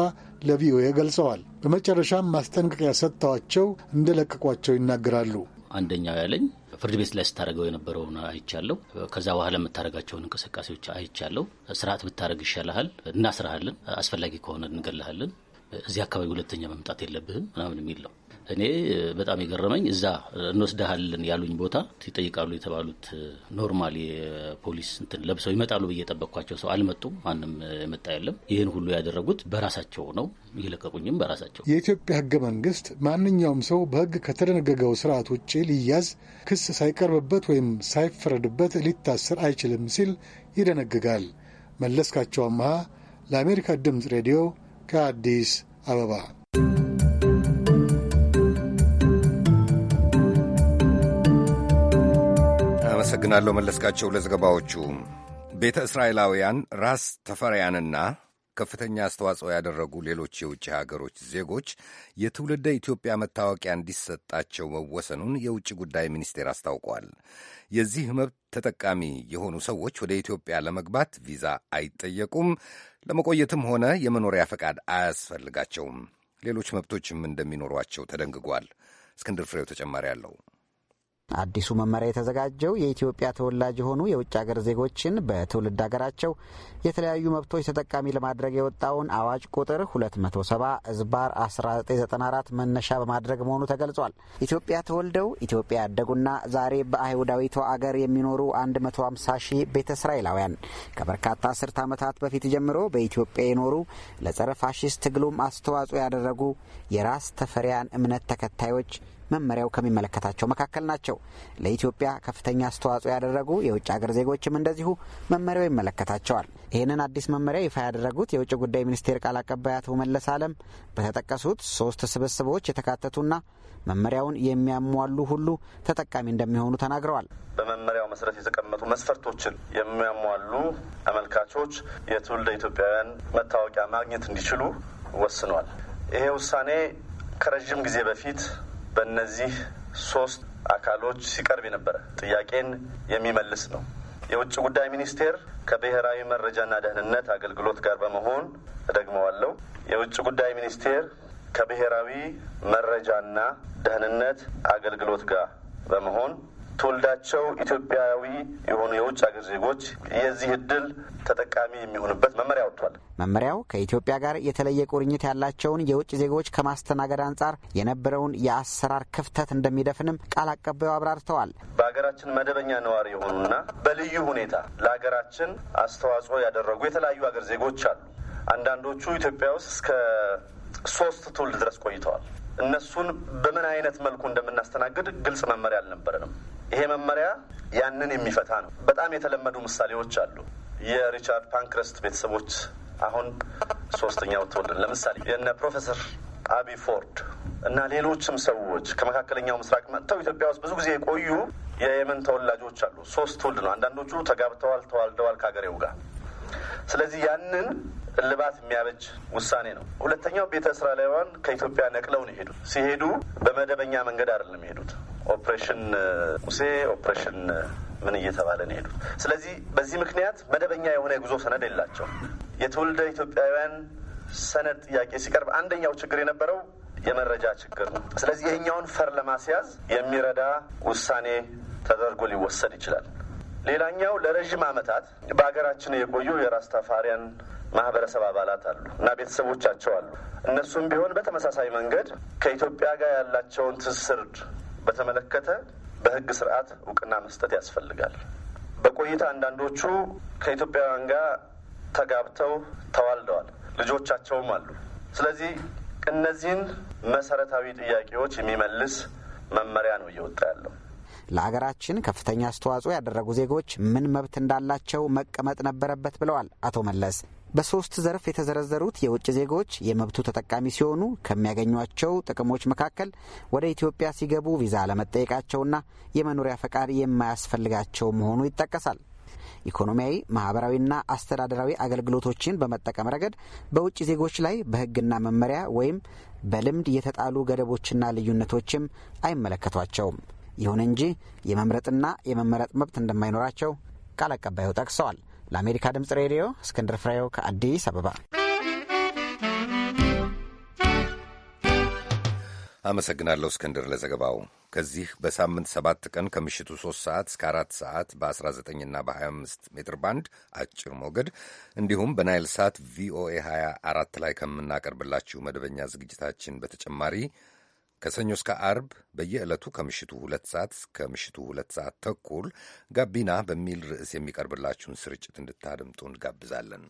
[SPEAKER 13] ለቪኦኤ ገልጸዋል። በመጨረሻም ማስጠንቀቂያ ሰጥተዋቸው እንደለቀቋቸው ይናገራሉ።
[SPEAKER 7] አንደኛው ያለኝ ፍርድ ቤት ላይ ስታደርገው የነበረውን አይቻለሁ። ከዛ በኋላ የምታደርጋቸውን እንቅስቃሴዎች አይቻለሁ። ስርዓት ብታደርግ ይሻልሃል፣ እናስራሃለን፣ አስፈላጊ ከሆነ እንገልሃለን እዚህ አካባቢ ሁለተኛ መምጣት የለብህም ምናምን የሚል ነው። እኔ በጣም የገረመኝ እዛ እንወስደሃልን ያሉኝ ቦታ ይጠይቃሉ የተባሉት ኖርማል የፖሊስ እንትን ለብሰው ይመጣሉ ብዬ የጠበቅኳቸው ሰው አልመጡም። ማንም የመጣ የለም። ይህን ሁሉ ያደረጉት በራሳቸው ነው። የለቀቁኝም በራሳቸው።
[SPEAKER 13] የኢትዮጵያ ሕገ መንግስት ማንኛውም ሰው በሕግ ከተደነገገው ስርዓት ውጭ ሊያዝ፣ ክስ ሳይቀርብበት ወይም ሳይፈረድበት ሊታሰር አይችልም ሲል ይደነግጋል። መለስካቸው አምሃ ለአሜሪካ ድምፅ ሬዲዮ ከአዲስ አበባ
[SPEAKER 2] አመሰግናለሁ መለስካቸው ለዘገባዎቹ። ቤተ እስራኤላውያን ራስ ተፈሪያንና ከፍተኛ አስተዋጽኦ ያደረጉ ሌሎች የውጭ ሀገሮች ዜጎች የትውልደ ኢትዮጵያ መታወቂያ እንዲሰጣቸው መወሰኑን የውጭ ጉዳይ ሚኒስቴር አስታውቋል። የዚህ መብት ተጠቃሚ የሆኑ ሰዎች ወደ ኢትዮጵያ ለመግባት ቪዛ አይጠየቁም፣ ለመቆየትም ሆነ የመኖሪያ ፈቃድ አያስፈልጋቸውም። ሌሎች መብቶችም እንደሚኖሯቸው ተደንግጓል። እስክንድር ፍሬው ተጨማሪ አለው።
[SPEAKER 8] አዲሱ መመሪያ የተዘጋጀው የኢትዮጵያ ተወላጅ የሆኑ የውጭ ሀገር ዜጎችን በትውልድ ሀገራቸው የተለያዩ መብቶች ተጠቃሚ ለማድረግ የወጣውን አዋጅ ቁጥር 270 እዝባር 1994 መነሻ በማድረግ መሆኑ ተገልጿል። ኢትዮጵያ ተወልደው ኢትዮጵያ ያደጉና ዛሬ በአይሁዳዊቷ አገር የሚኖሩ 150 ሺህ ቤተ እስራኤላውያን ከበርካታ አስርተ ዓመታት በፊት ጀምሮ በኢትዮጵያ የኖሩ ለጸረ ፋሽስት ትግሉም አስተዋጽኦ ያደረጉ የራስ ተፈሪያን እምነት ተከታዮች መመሪያው ከሚመለከታቸው መካከል ናቸው። ለኢትዮጵያ ከፍተኛ አስተዋጽኦ ያደረጉ የውጭ ሀገር ዜጎችም እንደዚሁ መመሪያው ይመለከታቸዋል። ይህንን አዲስ መመሪያ ይፋ ያደረጉት የውጭ ጉዳይ ሚኒስቴር ቃል አቀባይ አቶ መለስ አለም በተጠቀሱት ሶስት ስብስቦች የተካተቱና መመሪያውን የሚያሟሉ ሁሉ ተጠቃሚ እንደሚሆኑ ተናግረዋል።
[SPEAKER 5] በመመሪያው መሰረት የተቀመጡ መስፈርቶችን የሚያሟሉ አመልካቾች የትውልደ ኢትዮጵያውያን መታወቂያ ማግኘት እንዲችሉ ወስኗል። ይሄ ውሳኔ ከረዥም ጊዜ በፊት በእነዚህ ሶስት አካሎች ሲቀርብ የነበረ ጥያቄን የሚመልስ ነው። የውጭ ጉዳይ ሚኒስቴር ከብሔራዊ መረጃና ደህንነት አገልግሎት ጋር በመሆን እደግመዋለሁ። የውጭ ጉዳይ ሚኒስቴር ከብሔራዊ መረጃና ደህንነት አገልግሎት ጋር በመሆን ትውልዳቸው ኢትዮጵያዊ የሆኑ የውጭ ሀገር ዜጎች የዚህ እድል ተጠቃሚ የሚሆንበት መመሪያ ወጥቷል።
[SPEAKER 8] መመሪያው ከኢትዮጵያ ጋር የተለየ ቁርኝት ያላቸውን የውጭ ዜጎች ከማስተናገድ አንጻር የነበረውን የአሰራር ክፍተት እንደሚደፍንም ቃል አቀባዩ አብራርተዋል።
[SPEAKER 5] በሀገራችን መደበኛ ነዋሪ የሆኑና በልዩ ሁኔታ ለሀገራችን አስተዋጽኦ ያደረጉ የተለያዩ ሀገር ዜጎች አሉ። አንዳንዶቹ ኢትዮጵያ ውስጥ እስከ ሶስት ትውልድ ድረስ ቆይተዋል። እነሱን በምን አይነት መልኩ እንደምናስተናግድ ግልጽ መመሪያ አልነበረንም። ይሄ መመሪያ ያንን የሚፈታ ነው። በጣም የተለመዱ ምሳሌዎች አሉ። የሪቻርድ ፓንክረስት ቤተሰቦች አሁን ሶስተኛው ትውልድ ለምሳሌ የነ ፕሮፌሰር አቢ ፎርድ እና ሌሎችም ሰዎች ከመካከለኛው ምስራቅ መጥተው ኢትዮጵያ ውስጥ ብዙ ጊዜ የቆዩ የየመን ተወላጆች አሉ። ሶስት ትውልድ ነው። አንዳንዶቹ ተጋብተዋል፣ ተዋልደዋል ከሀገሬው ጋር። ስለዚህ ያንን እልባት የሚያበጅ ውሳኔ ነው። ሁለተኛው ቤተ እስራኤላውያን ከኢትዮጵያ ነቅለው ነው የሄዱት። ሲሄዱ በመደበኛ መንገድ አይደለም የሄዱት። ኦፕሬሽን ሙሴ ኦፕሬሽን ምን እየተባለ ነው የሄዱት። ስለዚህ በዚህ ምክንያት መደበኛ የሆነ የጉዞ ሰነድ የላቸው። የትውልደ ኢትዮጵያውያን ሰነድ ጥያቄ ሲቀርብ አንደኛው ችግር የነበረው የመረጃ ችግር ነው። ስለዚህ ይህኛውን ፈር ለማስያዝ የሚረዳ ውሳኔ ተደርጎ ሊወሰድ ይችላል። ሌላኛው ለረዥም ዓመታት በሀገራችን የቆዩ የራስታፋሪያን ማህበረሰብ አባላት አሉ እና ቤተሰቦቻቸው አሉ። እነሱም ቢሆን በተመሳሳይ መንገድ ከኢትዮጵያ ጋር ያላቸውን ትስስር በተመለከተ በህግ ስርዓት እውቅና መስጠት ያስፈልጋል። በቆይታ አንዳንዶቹ ከኢትዮጵያውያን ጋር ተጋብተው ተዋልደዋል፣ ልጆቻቸውም አሉ። ስለዚህ እነዚህን
[SPEAKER 8] መሰረታዊ ጥያቄዎች የሚመልስ
[SPEAKER 5] መመሪያ ነው እየወጣ
[SPEAKER 8] ያለው። ለሀገራችን ከፍተኛ አስተዋጽኦ ያደረጉ ዜጎች ምን መብት እንዳላቸው መቀመጥ ነበረበት ብለዋል አቶ መለስ። በሶስት ዘርፍ የተዘረዘሩት የውጭ ዜጎች የመብቱ ተጠቃሚ ሲሆኑ ከሚያገኟቸው ጥቅሞች መካከል ወደ ኢትዮጵያ ሲገቡ ቪዛ ለመጠየቃቸውና የመኖሪያ ፈቃድ የማያስፈልጋቸው መሆኑ ይጠቀሳል። ኢኮኖሚያዊ፣ ማህበራዊና አስተዳደራዊ አገልግሎቶችን በመጠቀም ረገድ በውጭ ዜጎች ላይ በሕግና መመሪያ ወይም በልምድ የተጣሉ ገደቦችና ልዩነቶችም አይመለከቷቸውም። ይሁን እንጂ የመምረጥና የመመረጥ መብት እንደማይኖራቸው ቃል አቀባዩ ጠቅሰዋል። ለአሜሪካ ድምፅ ሬዲዮ እስክንድር ፍሬው ከአዲስ አበባ
[SPEAKER 2] አመሰግናለሁ እስክንድር ለዘገባው። ከዚህ በሳምንት ሰባት ቀን ከምሽቱ 3 ሰዓት እስከ 4 ሰዓት በ19ና በ25 ሜትር ባንድ አጭር ሞገድ እንዲሁም በናይል ሳት ቪኦኤ 24 ላይ ከምናቀርብላችሁ መደበኛ ዝግጅታችን በተጨማሪ ከሰኞ እስከ አርብ በየዕለቱ ከምሽቱ ሁለት ሰዓት እስከ ምሽቱ ሁለት ሰዓት ተኩል ጋቢና በሚል ርዕስ የሚቀርብላችሁን ስርጭት እንድታደምጡ እንጋብዛለን።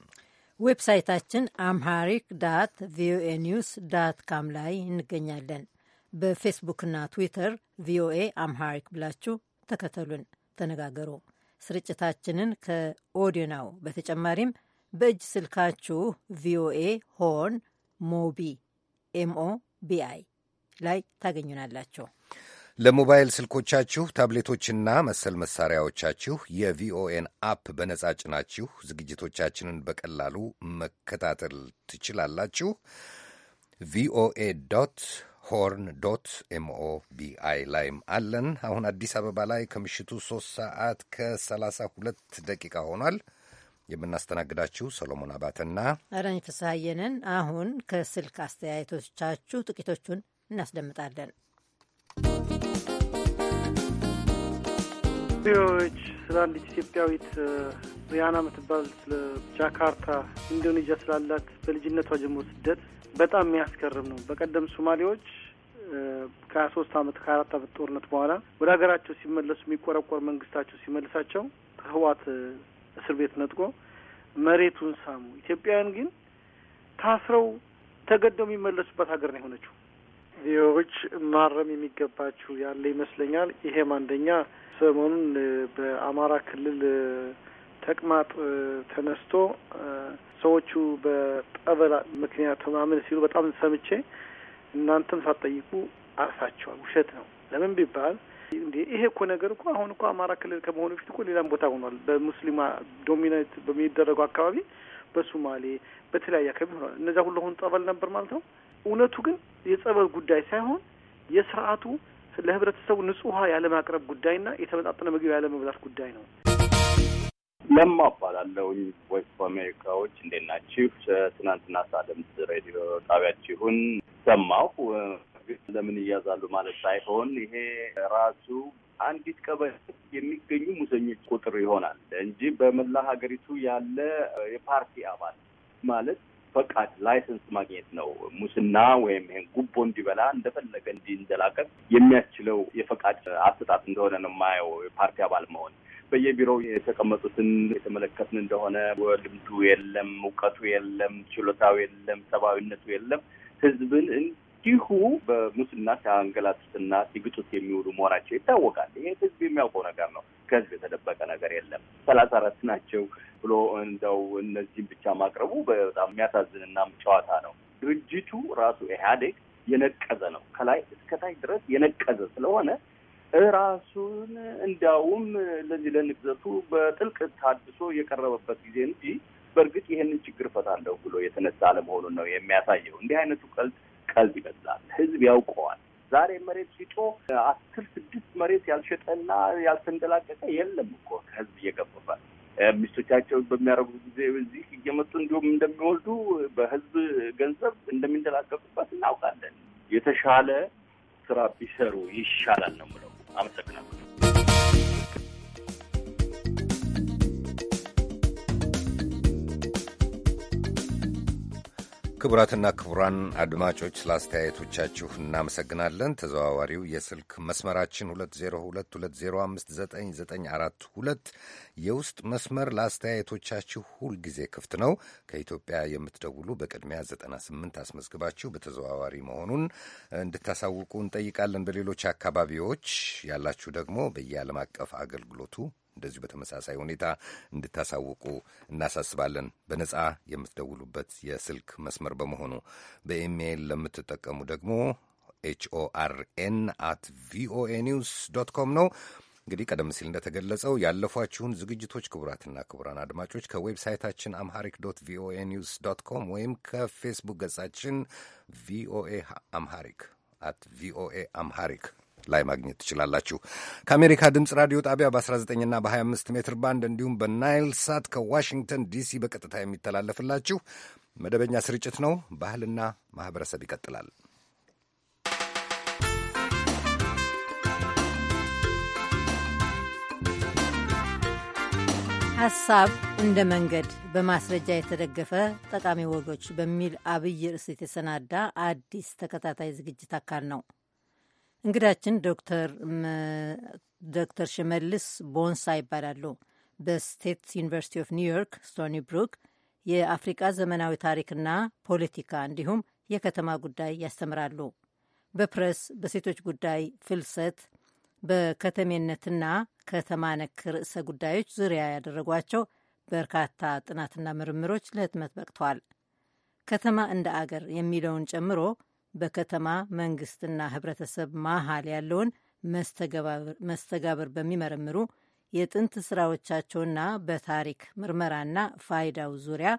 [SPEAKER 1] ዌብሳይታችን አምሃሪክ ዳት ቪኦኤ ኒውስ ዳት ካም ላይ እንገኛለን። በፌስቡክና ትዊተር ቪኦኤ አምሃሪክ ብላችሁ ተከተሉን፣ ተነጋገሩ። ስርጭታችንን ከኦዲዮ ናው በተጨማሪም በእጅ ስልካችሁ ቪኦኤ ሆን ሞቢ ኤምኦ ቢአይ ላይ ታገኙናላቸው።
[SPEAKER 2] ለሞባይል ስልኮቻችሁ ታብሌቶችና መሰል መሳሪያዎቻችሁ የቪኦኤን አፕ በነጻ ጭናችሁ ዝግጅቶቻችንን በቀላሉ መከታተል ትችላላችሁ። ቪኦኤ ዶት ሆርን ዶት ኤምኦቢአይ ላይም አለን። አሁን አዲስ አበባ ላይ ከምሽቱ ሶስት ሰዓት ከሰላሳ ሁለት ደቂቃ ሆኗል። የምናስተናግዳችሁ ሰሎሞን አባተና
[SPEAKER 1] አረኝ ፍስሐየንን። አሁን ከስልክ አስተያየቶቻችሁ ጥቂቶቹን እናስደምጣለን።
[SPEAKER 14] ዎች ስለ አንዲት ኢትዮጵያዊት ሪያና የምትባል ስለ ጃካርታ ኢንዶኔዥያ ስላላት በልጅነቷ ጀምሮ ስደት በጣም የሚያስገርም ነው። በቀደም ሶማሌዎች ከሀያ ሶስት አመት ከአራት አመት ጦርነት በኋላ ወደ ሀገራቸው ሲመለሱ የሚቆረቆር መንግስታቸው ሲመልሳቸው ከህዋት እስር ቤት ነጥቆ መሬቱን ሳሙ። ኢትዮጵያውያን ግን ታስረው ተገደው የሚመለሱበት ሀገር ነው የሆነችው። ቪኦዎች ማረም የሚገባችሁ ያለ ይመስለኛል። ይሄም አንደኛ ሰሞኑን በአማራ ክልል ተቅማጥ ተነስቶ ሰዎቹ በጠበል ምክንያት ምናምን ሲሉ በጣም ሰምቼ እናንተም ሳትጠይቁ አርሳቸዋል ውሸት ነው። ለምን ቢባል እንዴ ይሄ እኮ ነገር እኮ አሁን እኮ አማራ ክልል ከመሆኑ በፊት እኮ ሌላም ቦታ ሆኗል። በሙስሊም ዶሚነት በሚደረጉ አካባቢ፣ በሶማሌ በተለያየ አካባቢ ሆኗል። እነዚያ ሁሉ አሁን ጠበል ነበር ማለት ነው። እውነቱ ግን የጸበል ጉዳይ ሳይሆን የስርዓቱ ለህብረተሰቡ ንጹህ ውሃ ያለማቅረብ ጉዳይና የተመጣጠነ ምግብ ያለመብላት ጉዳይ ነው። ለማ እባላለሁኝ
[SPEAKER 10] ቮይስ ኦፍ አሜሪካዎች እንዴት ናችሁ? ትናንትና ሳድምፅ ሬዲዮ ጣቢያችሁን ሰማሁ። ለምን እያዛሉ ማለት ሳይሆን ይሄ ራሱ አንዲት ቀበሌ የሚገኙ ሙሰኞች ቁጥር ይሆናል እንጂ በመላ ሀገሪቱ ያለ የፓርቲ አባል ማለት ፈቃድ ላይሰንስ ማግኘት ነው። ሙስና ወይም ይህን ጉቦ እንዲበላ እንደፈለገ እንዲንደላቀቅ የሚያስችለው የፈቃድ አሰጣት እንደሆነ ነው የማየው። የፓርቲ አባል መሆን በየቢሮው የተቀመጡትን የተመለከትን እንደሆነ ልምዱ የለም፣ እውቀቱ የለም፣ ችሎታው የለም፣ ሰብአዊነቱ የለም። ህዝብን እንዲሁ በሙስና ሲያንገላቱትና ሲግጡት የሚውሉ መሆናቸው ይታወቃል። ይሄ ህዝብ የሚያውቀው ነገር ነው። ከህዝብ የተደበቀ ነገር የለም። ሰላሳ አራት ናቸው ብሎ እንደው እነዚህም ብቻ ማቅረቡ በጣም የሚያሳዝንና ጨዋታ ነው። ድርጅቱ ራሱ ኢህአዴግ የነቀዘ ነው፣ ከላይ ታች ድረስ የነቀዘ ስለሆነ እራሱን እንዲያውም ለዚህ ለንቅዘቱ በጥልቅ ታድሶ የቀረበበት ጊዜ እንጂ በእርግጥ ይህንን ችግር ፈታለሁ ብሎ የተነሳ አለመሆኑን ነው የሚያሳየው። እንዲህ አይነቱ ቀልድ ቀልድ ይመስላል። ህዝብ ያውቀዋል። ዛሬ መሬት ሲጮህ አስር ስድስት መሬት ያልሸጠና ያልተንደላቀቀ የለም እኮ ከህዝብ እየገፈፋል ሚስቶቻቸው በሚያደርጉ ጊዜ እዚህ እየመጡ እንዲሁም እንደሚወልዱ በህዝብ ገንዘብ እንደሚንደላቀቁበት እናውቃለን። የተሻለ ስራ ቢሰሩ ይሻላል ነው የምለው። አመሰግናለሁ።
[SPEAKER 2] ክቡራትና ክቡራን አድማጮች ለአስተያየቶቻችሁ እናመሰግናለን። ተዘዋዋሪው የስልክ መስመራችን 2022059942 የውስጥ መስመር ለአስተያየቶቻችሁ ሁልጊዜ ክፍት ነው። ከኢትዮጵያ የምትደውሉ በቅድሚያ 98 አስመዝግባችሁ በተዘዋዋሪ መሆኑን እንድታሳውቁ እንጠይቃለን። በሌሎች አካባቢዎች ያላችሁ ደግሞ በየዓለም አቀፍ አገልግሎቱ እንደዚሁ በተመሳሳይ ሁኔታ እንድታሳውቁ እናሳስባለን። በነጻ የምትደውሉበት የስልክ መስመር በመሆኑ በኢሜይል ለምትጠቀሙ ደግሞ ኤችኦአርኤን አት ቪኦኤ ኒውስ ዶት ኮም ነው። እንግዲህ ቀደም ሲል እንደተገለጸው ያለፏችሁን ዝግጅቶች ክቡራትና ክቡራን አድማጮች ከዌብሳይታችን አምሃሪክ ዶት ቪኦኤ ኒውስ ዶት ኮም ወይም ከፌስቡክ ገጻችን ቪኦኤ አምሃሪክ አት ቪኦኤ አምሃሪክ ላይ ማግኘት ትችላላችሁ። ከአሜሪካ ድምፅ ራዲዮ ጣቢያ በ19ና በ25 ሜትር ባንድ እንዲሁም በናይል ሳት ከዋሽንግተን ዲሲ በቀጥታ የሚተላለፍላችሁ መደበኛ ስርጭት ነው። ባህልና ማህበረሰብ ይቀጥላል።
[SPEAKER 1] ሀሳብ እንደ መንገድ በማስረጃ የተደገፈ ጠቃሚ ወጎች በሚል አብይ ርዕስ የተሰናዳ አዲስ ተከታታይ ዝግጅት አካል ነው። እንግዳችን ዶክተር ዶክተር ሽመልስ ቦንሳ ይባላሉ። በስቴት ዩኒቨርሲቲ ኦፍ ኒውዮርክ ስቶኒ ብሩክ የአፍሪቃ ዘመናዊ ታሪክና ፖለቲካ እንዲሁም የከተማ ጉዳይ ያስተምራሉ። በፕረስ በሴቶች ጉዳይ ፍልሰት፣ በከተሜነትና ከተማ ነክ ርዕሰ ጉዳዮች ዙሪያ ያደረጓቸው በርካታ ጥናትና ምርምሮች ለህትመት በቅተዋል። ከተማ እንደ አገር የሚለውን ጨምሮ በከተማ መንግስትና ህብረተሰብ መሀል ያለውን መስተጋብር በሚመረምሩ የጥንት ስራዎቻቸውና በታሪክ ምርመራና ፋይዳው ዙሪያ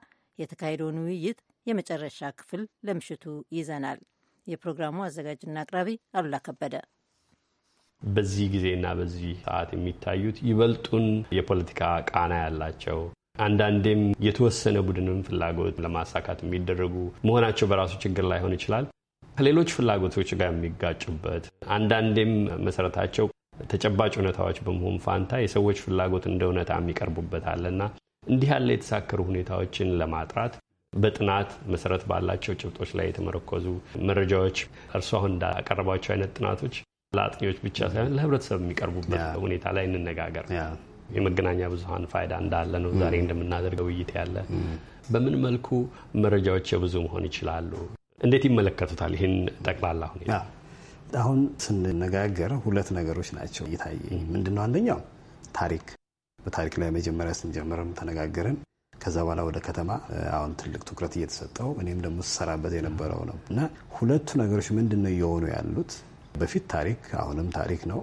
[SPEAKER 1] የተካሄደውን ውይይት የመጨረሻ ክፍል ለምሽቱ ይዘናል። የፕሮግራሙ አዘጋጅና አቅራቢ አሉላ ከበደ።
[SPEAKER 12] በዚህ ጊዜና በዚህ ሰዓት የሚታዩት ይበልጡን የፖለቲካ ቃና ያላቸው አንዳንዴም የተወሰነ ቡድንን ፍላጎት ለማሳካት የሚደረጉ መሆናቸው በራሱ ችግር ላይሆን ይችላል። ከሌሎች ፍላጎቶች ጋር የሚጋጩበት አንዳንዴም መሰረታቸው ተጨባጭ እውነታዎች በመሆን ፋንታ የሰዎች ፍላጎት እንደ እውነታ የሚቀርቡበት አለና እንዲህ ያለ የተሳከሩ ሁኔታዎችን ለማጥራት በጥናት መሰረት ባላቸው ጭብጦች ላይ የተመረኮዙ መረጃዎች እርሱ አሁን እንዳቀረባቸው አይነት ጥናቶች ለአጥኚዎች ብቻ ሳይሆን ለህብረተሰብ የሚቀርቡበት ሁኔታ ላይ እንነጋገር። የመገናኛ ብዙሀን ፋይዳ እንዳለ ነው ዛሬ እንደምናደርገው ውይይት ያለ በምን መልኩ መረጃዎች የብዙ መሆን ይችላሉ? እንዴት ይመለከቱታል ይህን ጠቅላላ ሁኔታ? አሁን ስንነጋገር ሁለት ነገሮች ናቸው
[SPEAKER 15] እየታየ ምንድነው፣ አንደኛው ታሪክ በታሪክ ላይ መጀመሪያ ስንጀምርም ተነጋገርን። ከዛ በኋላ ወደ ከተማ አሁን ትልቅ ትኩረት እየተሰጠው እኔም ደግሞ ስሰራበት የነበረው ነው እና ሁለቱ ነገሮች ምንድነው እየሆኑ ያሉት? በፊት ታሪክ አሁንም ታሪክ ነው።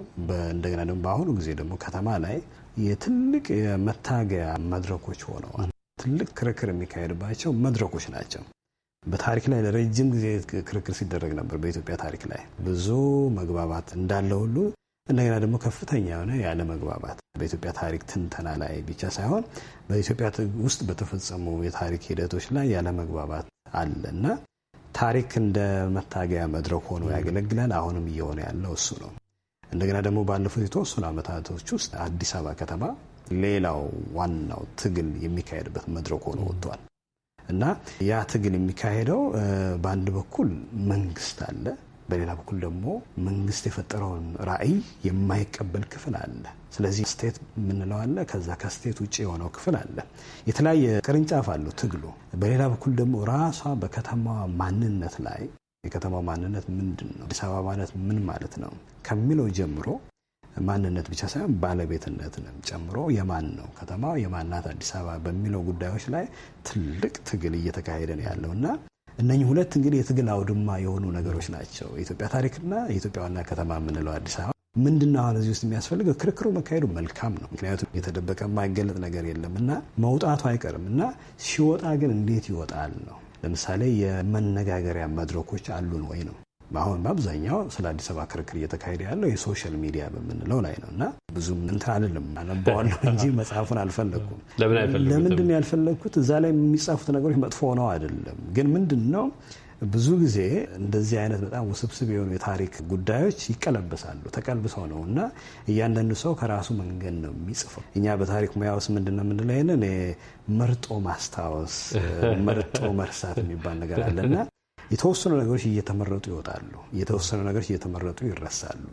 [SPEAKER 15] እንደገና ደግሞ በአሁኑ ጊዜ ደግሞ ከተማ ላይ የትልቅ የመታገያ መድረኮች ሆነዋል። ትልቅ ክርክር የሚካሄድባቸው መድረኮች ናቸው። በታሪክ ላይ ለረጅም ጊዜ ክርክር ሲደረግ ነበር። በኢትዮጵያ ታሪክ ላይ ብዙ መግባባት እንዳለ ሁሉ እንደገና ደግሞ ከፍተኛ የሆነ ያለ መግባባት በኢትዮጵያ ታሪክ ትንተና ላይ ብቻ ሳይሆን በኢትዮጵያ ውስጥ በተፈጸሙ የታሪክ ሂደቶች ላይ ያለ መግባባት አለ እና ታሪክ እንደ መታገያ መድረክ ሆኖ ያገለግላል። አሁንም እየሆነ ያለው እሱ ነው። እንደገና ደግሞ ባለፉት የተወሰኑ ዓመታቶች ውስጥ አዲስ አበባ ከተማ ሌላው ዋናው ትግል የሚካሄድበት መድረክ ሆኖ ወጥቷል። እና ያ ትግል የሚካሄደው በአንድ በኩል መንግስት አለ፣ በሌላ በኩል ደግሞ መንግስት የፈጠረውን ራዕይ የማይቀበል ክፍል አለ። ስለዚህ ስቴት የምንለው አለ። ከዛ ከስቴት ውጭ የሆነው ክፍል አለ። የተለያየ ቅርንጫፍ አለው ትግሉ። በሌላ በኩል ደግሞ ራሷ በከተማዋ ማንነት ላይ የከተማው ማንነት ምንድን ነው፣ አዲስ አበባ ማለት ምን ማለት ነው ከሚለው ጀምሮ ማንነት ብቻ ሳይሆን ባለቤትነትንም ጨምሮ የማን ነው ከተማው የማን ናት አዲስ አበባ በሚለው ጉዳዮች ላይ ትልቅ ትግል እየተካሄደ ነው ያለው እና እነኚህ ሁለት እንግዲህ የትግል አውድማ የሆኑ ነገሮች ናቸው። የኢትዮጵያ ታሪክና የኢትዮጵያ ዋና ከተማ የምንለው አዲስ አበባ ምንድነው አሁን እዚህ ውስጥ የሚያስፈልገው? ክርክሩ መካሄዱ መልካም ነው። ምክንያቱም የተደበቀ የማይገለጥ ነገር የለም እና መውጣቱ አይቀርም እና ሲወጣ ግን እንዴት ይወጣል ነው። ለምሳሌ የመነጋገሪያ መድረኮች አሉን ወይ ነው አሁን በአብዛኛው ስለ አዲስ አበባ ክርክር እየተካሄደ ያለው የሶሻል ሚዲያ በምንለው ላይ ነው እና ብዙም እንትን አይደለም አነባዋለሁ እንጂ መጽሐፉን አልፈለግኩም። ለምንድን ያልፈለግኩት? እዛ ላይ የሚጻፉት ነገሮች መጥፎ ነው አይደለም፣ ግን ምንድን ነው ብዙ ጊዜ እንደዚህ አይነት በጣም ውስብስብ የሆኑ የታሪክ ጉዳዮች ይቀለበሳሉ። ተቀልብሰው ነው እና እያንዳንዱ ሰው ከራሱ መንገድ ነው የሚጽፈው። እኛ በታሪክ ሙያ ውስጥ ምንድን ነው የምንለው መርጦ
[SPEAKER 12] ማስታወስ፣ መርጦ መርሳት የሚባል ነገር አለ እና
[SPEAKER 15] የተወሰኑ ነገሮች እየተመረጡ ይወጣሉ፣ የተወሰኑ ነገሮች እየተመረጡ ይረሳሉ።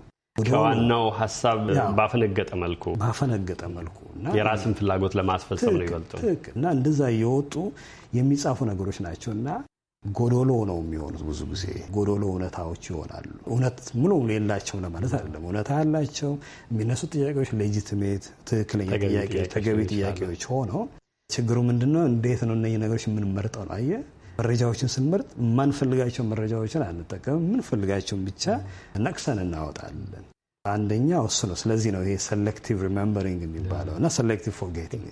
[SPEAKER 12] ከዋናው ሀሳብ ባፈነገጠ መልኩ ባፈነገጠ መልኩ የራስን ፍላጎት ለማስፈጸም ነው ይበልጡ
[SPEAKER 15] እና እንደዛ እየወጡ የሚጻፉ ነገሮች ናቸው እና ጎዶሎ ነው የሚሆኑት። ብዙ ጊዜ ጎዶሎ እውነታዎች ይሆናሉ። እውነት ሙሉ የላቸው ለማለት አይደለም። እውነታ ያላቸው የሚነሱ ጥያቄዎች ሌጂትሜት፣ ትክክለኛ ጥያቄዎች፣ ተገቢ ጥያቄዎች ሆነው ችግሩ ምንድነው? እንዴት ነው እነዚህ ነገሮች የምንመርጠው ነው? አየህ መረጃዎችን ስንመርጥ የማንፈልጋቸው መረጃዎችን አንጠቀም፣ የምንፈልጋቸውን ብቻ ነቅሰን እናወጣለን። አንደኛ እሱ ነው። ስለዚህ ነው ይሄ ሴሌክቲቭ ሪሜምበሪንግ የሚባለው እና ሴሌክቲቭ ፎርጌቲንግ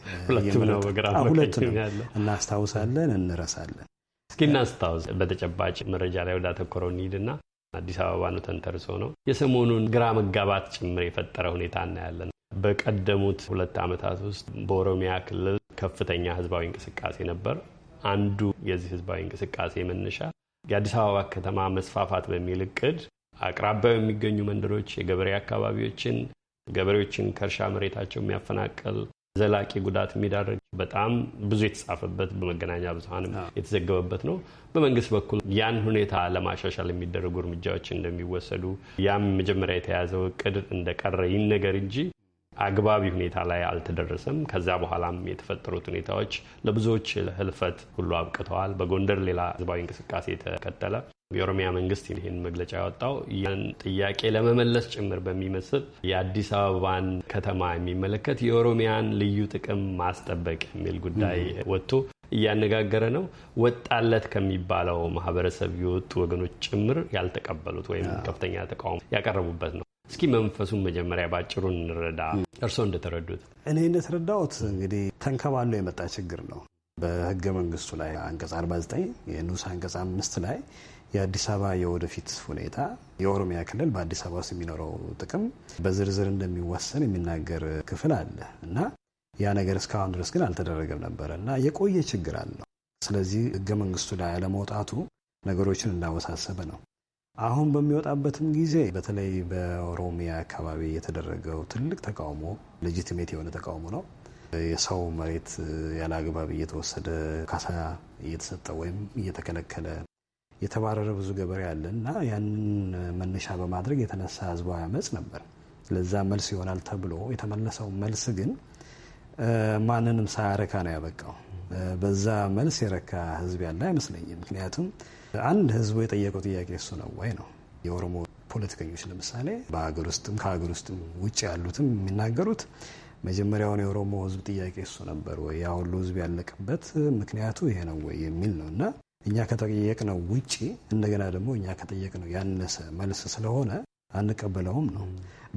[SPEAKER 15] ሁለቱንም እናስታውሳለን፣ እንረሳለን።
[SPEAKER 12] እስኪ እናስታውስ። በተጨባጭ መረጃ ላይ ወዳተኮረው እንሂድና አዲስ አበባ ነው ተንተርሶ ነው የሰሞኑን ግራ መጋባት ጭምር የፈጠረ ሁኔታ እናያለን። በቀደሙት ሁለት ዓመታት ውስጥ በኦሮሚያ ክልል ከፍተኛ ህዝባዊ እንቅስቃሴ ነበር። አንዱ የዚህ ህዝባዊ እንቅስቃሴ መነሻ የአዲስ አበባ ከተማ መስፋፋት በሚል እቅድ አቅራቢያው የሚገኙ መንደሮች የገበሬ አካባቢዎችን ገበሬዎችን ከእርሻ መሬታቸው የሚያፈናቅል ዘላቂ ጉዳት የሚዳርግ በጣም ብዙ የተጻፈበት በመገናኛ ብዙሀን የተዘገበበት ነው። በመንግስት በኩል ያን ሁኔታ ለማሻሻል የሚደረጉ እርምጃዎች እንደሚወሰዱ ያም መጀመሪያ የተያዘው እቅድ እንደቀረ ይነገር እንጂ አግባቢ ሁኔታ ላይ አልተደረሰም። ከዛ በኋላም የተፈጠሩት ሁኔታዎች ለብዙዎች ህልፈት ሁሉ አብቅተዋል። በጎንደር ሌላ ህዝባዊ እንቅስቃሴ የተከተለ የኦሮሚያ መንግስት ይህን መግለጫ ያወጣው ያን ጥያቄ ለመመለስ ጭምር በሚመስል የአዲስ አበባን ከተማ የሚመለከት የኦሮሚያን ልዩ ጥቅም ማስጠበቅ የሚል ጉዳይ ወጥቶ እያነጋገረ ነው። ወጣለት ከሚባለው ማህበረሰብ የወጡ ወገኖች ጭምር ያልተቀበሉት ወይም ከፍተኛ ተቃውሞ ያቀረቡበት ነው። እስኪ መንፈሱን መጀመሪያ ባጭሩ እንረዳ። እርስዎ እንደተረዱት
[SPEAKER 15] እኔ እንደተረዳሁት እንግዲህ ተንከባሎ የመጣ ችግር ነው። በህገ መንግስቱ ላይ አንቀጽ 49 የንዑስ አንቀጽ አምስት ላይ የአዲስ አበባ የወደፊት ሁኔታ የኦሮሚያ ክልል በአዲስ አበባ ውስጥ የሚኖረው ጥቅም በዝርዝር እንደሚወሰን የሚናገር ክፍል አለ እና ያ ነገር እስካሁን ድረስ ግን አልተደረገም ነበረ እና የቆየ ችግር አለው። ስለዚህ ህገ መንግስቱ ላይ አለመውጣቱ ነገሮችን እንዳወሳሰበ ነው። አሁን በሚወጣበትም ጊዜ በተለይ በኦሮሚያ አካባቢ የተደረገው ትልቅ ተቃውሞ ሌጂቲሜት የሆነ ተቃውሞ ነው። የሰው መሬት ያለ አግባብ እየተወሰደ ካሳ እየተሰጠ ወይም እየተከለከለ የተባረረ ብዙ ገበሬ አለ እና ያንን መነሻ በማድረግ የተነሳ ህዝባዊ አመፅ ነበር። ለዛ መልስ ይሆናል ተብሎ የተመለሰው መልስ ግን ማንንም ሳያረካ ነው ያበቃው። በዛ መልስ የረካ ህዝብ ያለ አይመስለኝም። ምክንያቱም አንድ ህዝቡ የጠየቀው ጥያቄ እሱ ነው ወይ ነው። የኦሮሞ ፖለቲከኞች ለምሳሌ በሀገር ውስጥም ከሀገር ውስጥም ውጭ ያሉትም የሚናገሩት መጀመሪያውን የኦሮሞ ህዝብ ጥያቄ እሱ ነበር ወይ ያ ሁሉ ህዝብ ያለቀበት ምክንያቱ ይሄ ነው ወይ የሚል ነው እና እኛ ከጠየቅነው ውጪ እንደገና ደግሞ እኛ ከጠየቅነው ያነሰ መልስ ስለሆነ አንቀበለውም ነው።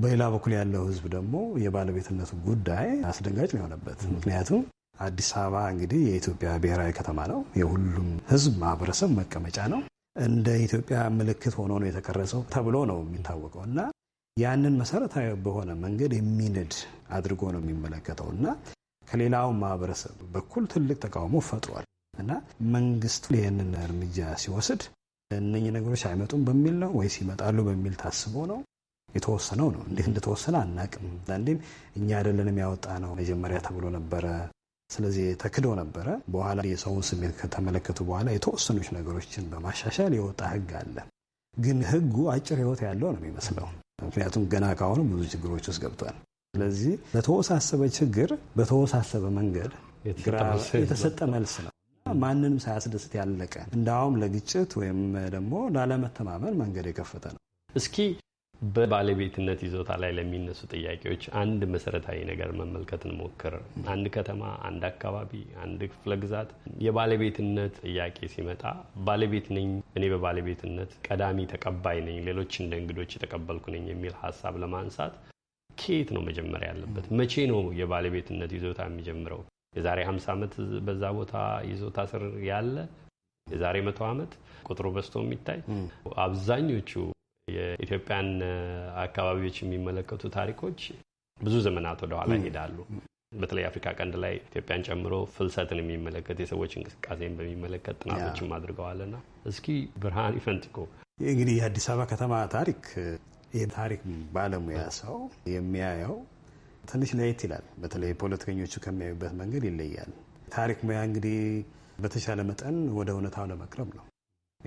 [SPEAKER 15] በሌላ በኩል ያለው ህዝብ ደግሞ የባለቤትነቱ ጉዳይ አስደንጋጭ ነው የሆነበት ምክንያቱም አዲስ አበባ እንግዲህ የኢትዮጵያ ብሔራዊ ከተማ ነው። የሁሉም ህዝብ ማህበረሰብ መቀመጫ ነው። እንደ ኢትዮጵያ ምልክት ሆኖ ነው የተቀረጸው ተብሎ ነው የሚታወቀው እና ያንን መሰረታዊ በሆነ መንገድ የሚንድ አድርጎ ነው የሚመለከተው እና ከሌላው ማህበረሰብ በኩል ትልቅ ተቃውሞ ፈጥሯል እና መንግስቱ ይህንን እርምጃ ሲወስድ እነኚህ ነገሮች አይመጡም በሚል ነው ወይስ ይመጣሉ በሚል ታስቦ ነው የተወሰነው ነው። እንዴት እንደተወሰነ አናቅም። አንዳንዴም እኛ አይደለንም ያወጣ ነው መጀመሪያ ተብሎ ነበረ። ስለዚህ ተክዶ ነበረ። በኋላ የሰውን ስሜት ከተመለከቱ በኋላ የተወሰኑች ነገሮችን በማሻሻል የወጣ ህግ አለ። ግን ህጉ አጭር ህይወት ያለው ነው የሚመስለው። ምክንያቱም ገና ካሁኑ ብዙ ችግሮች ውስጥ ገብቷል። ስለዚህ ለተወሳሰበ ችግር በተወሳሰበ መንገድ የተሰጠ መልስ ነው። ማንንም ሳያስደስት ያለቀ እንዳውም ለግጭት ወይም ደግሞ ላለመተማመን
[SPEAKER 12] መንገድ የከፈተ ነው። እስኪ በባለቤትነት ይዞታ ላይ ለሚነሱ ጥያቄዎች አንድ መሰረታዊ ነገር መመልከትን ሞክር። አንድ ከተማ፣ አንድ አካባቢ፣ አንድ ክፍለ ግዛት የባለቤትነት ጥያቄ ሲመጣ ባለቤት ነኝ፣ እኔ በባለቤትነት ቀዳሚ ተቀባይ ነኝ፣ ሌሎች እንደ እንግዶች የተቀበልኩ ነኝ የሚል ሀሳብ ለማንሳት ከየት ነው መጀመሪያ ያለበት? መቼ ነው የባለቤትነት ይዞታ የሚጀምረው? የዛሬ 50 ዓመት በዛ ቦታ ይዞታ ስር ያለ የዛሬ መቶ ዓመት ቁጥሩ በዝቶ የሚታይ አብዛኞቹ የኢትዮጵያን አካባቢዎች የሚመለከቱ ታሪኮች ብዙ ዘመናት ወደኋላ ይሄዳሉ። በተለይ አፍሪካ ቀንድ ላይ ኢትዮጵያን ጨምሮ ፍልሰትን የሚመለከት የሰዎች እንቅስቃሴን በሚመለከት ጥናቶችም አድርገዋልና እስኪ ብርሃን ይፈንጥቁ
[SPEAKER 15] እንግዲህ የአዲስ አበባ ከተማ ታሪክ ይህ ታሪክ ባለሙያ ሰው የሚያየው ትንሽ ለየት ይላል። በተለይ ፖለቲከኞቹ ከሚያዩበት መንገድ ይለያል። ታሪክ ሙያ እንግዲህ በተሻለ መጠን ወደ እውነታው ለመቅረብ ነው።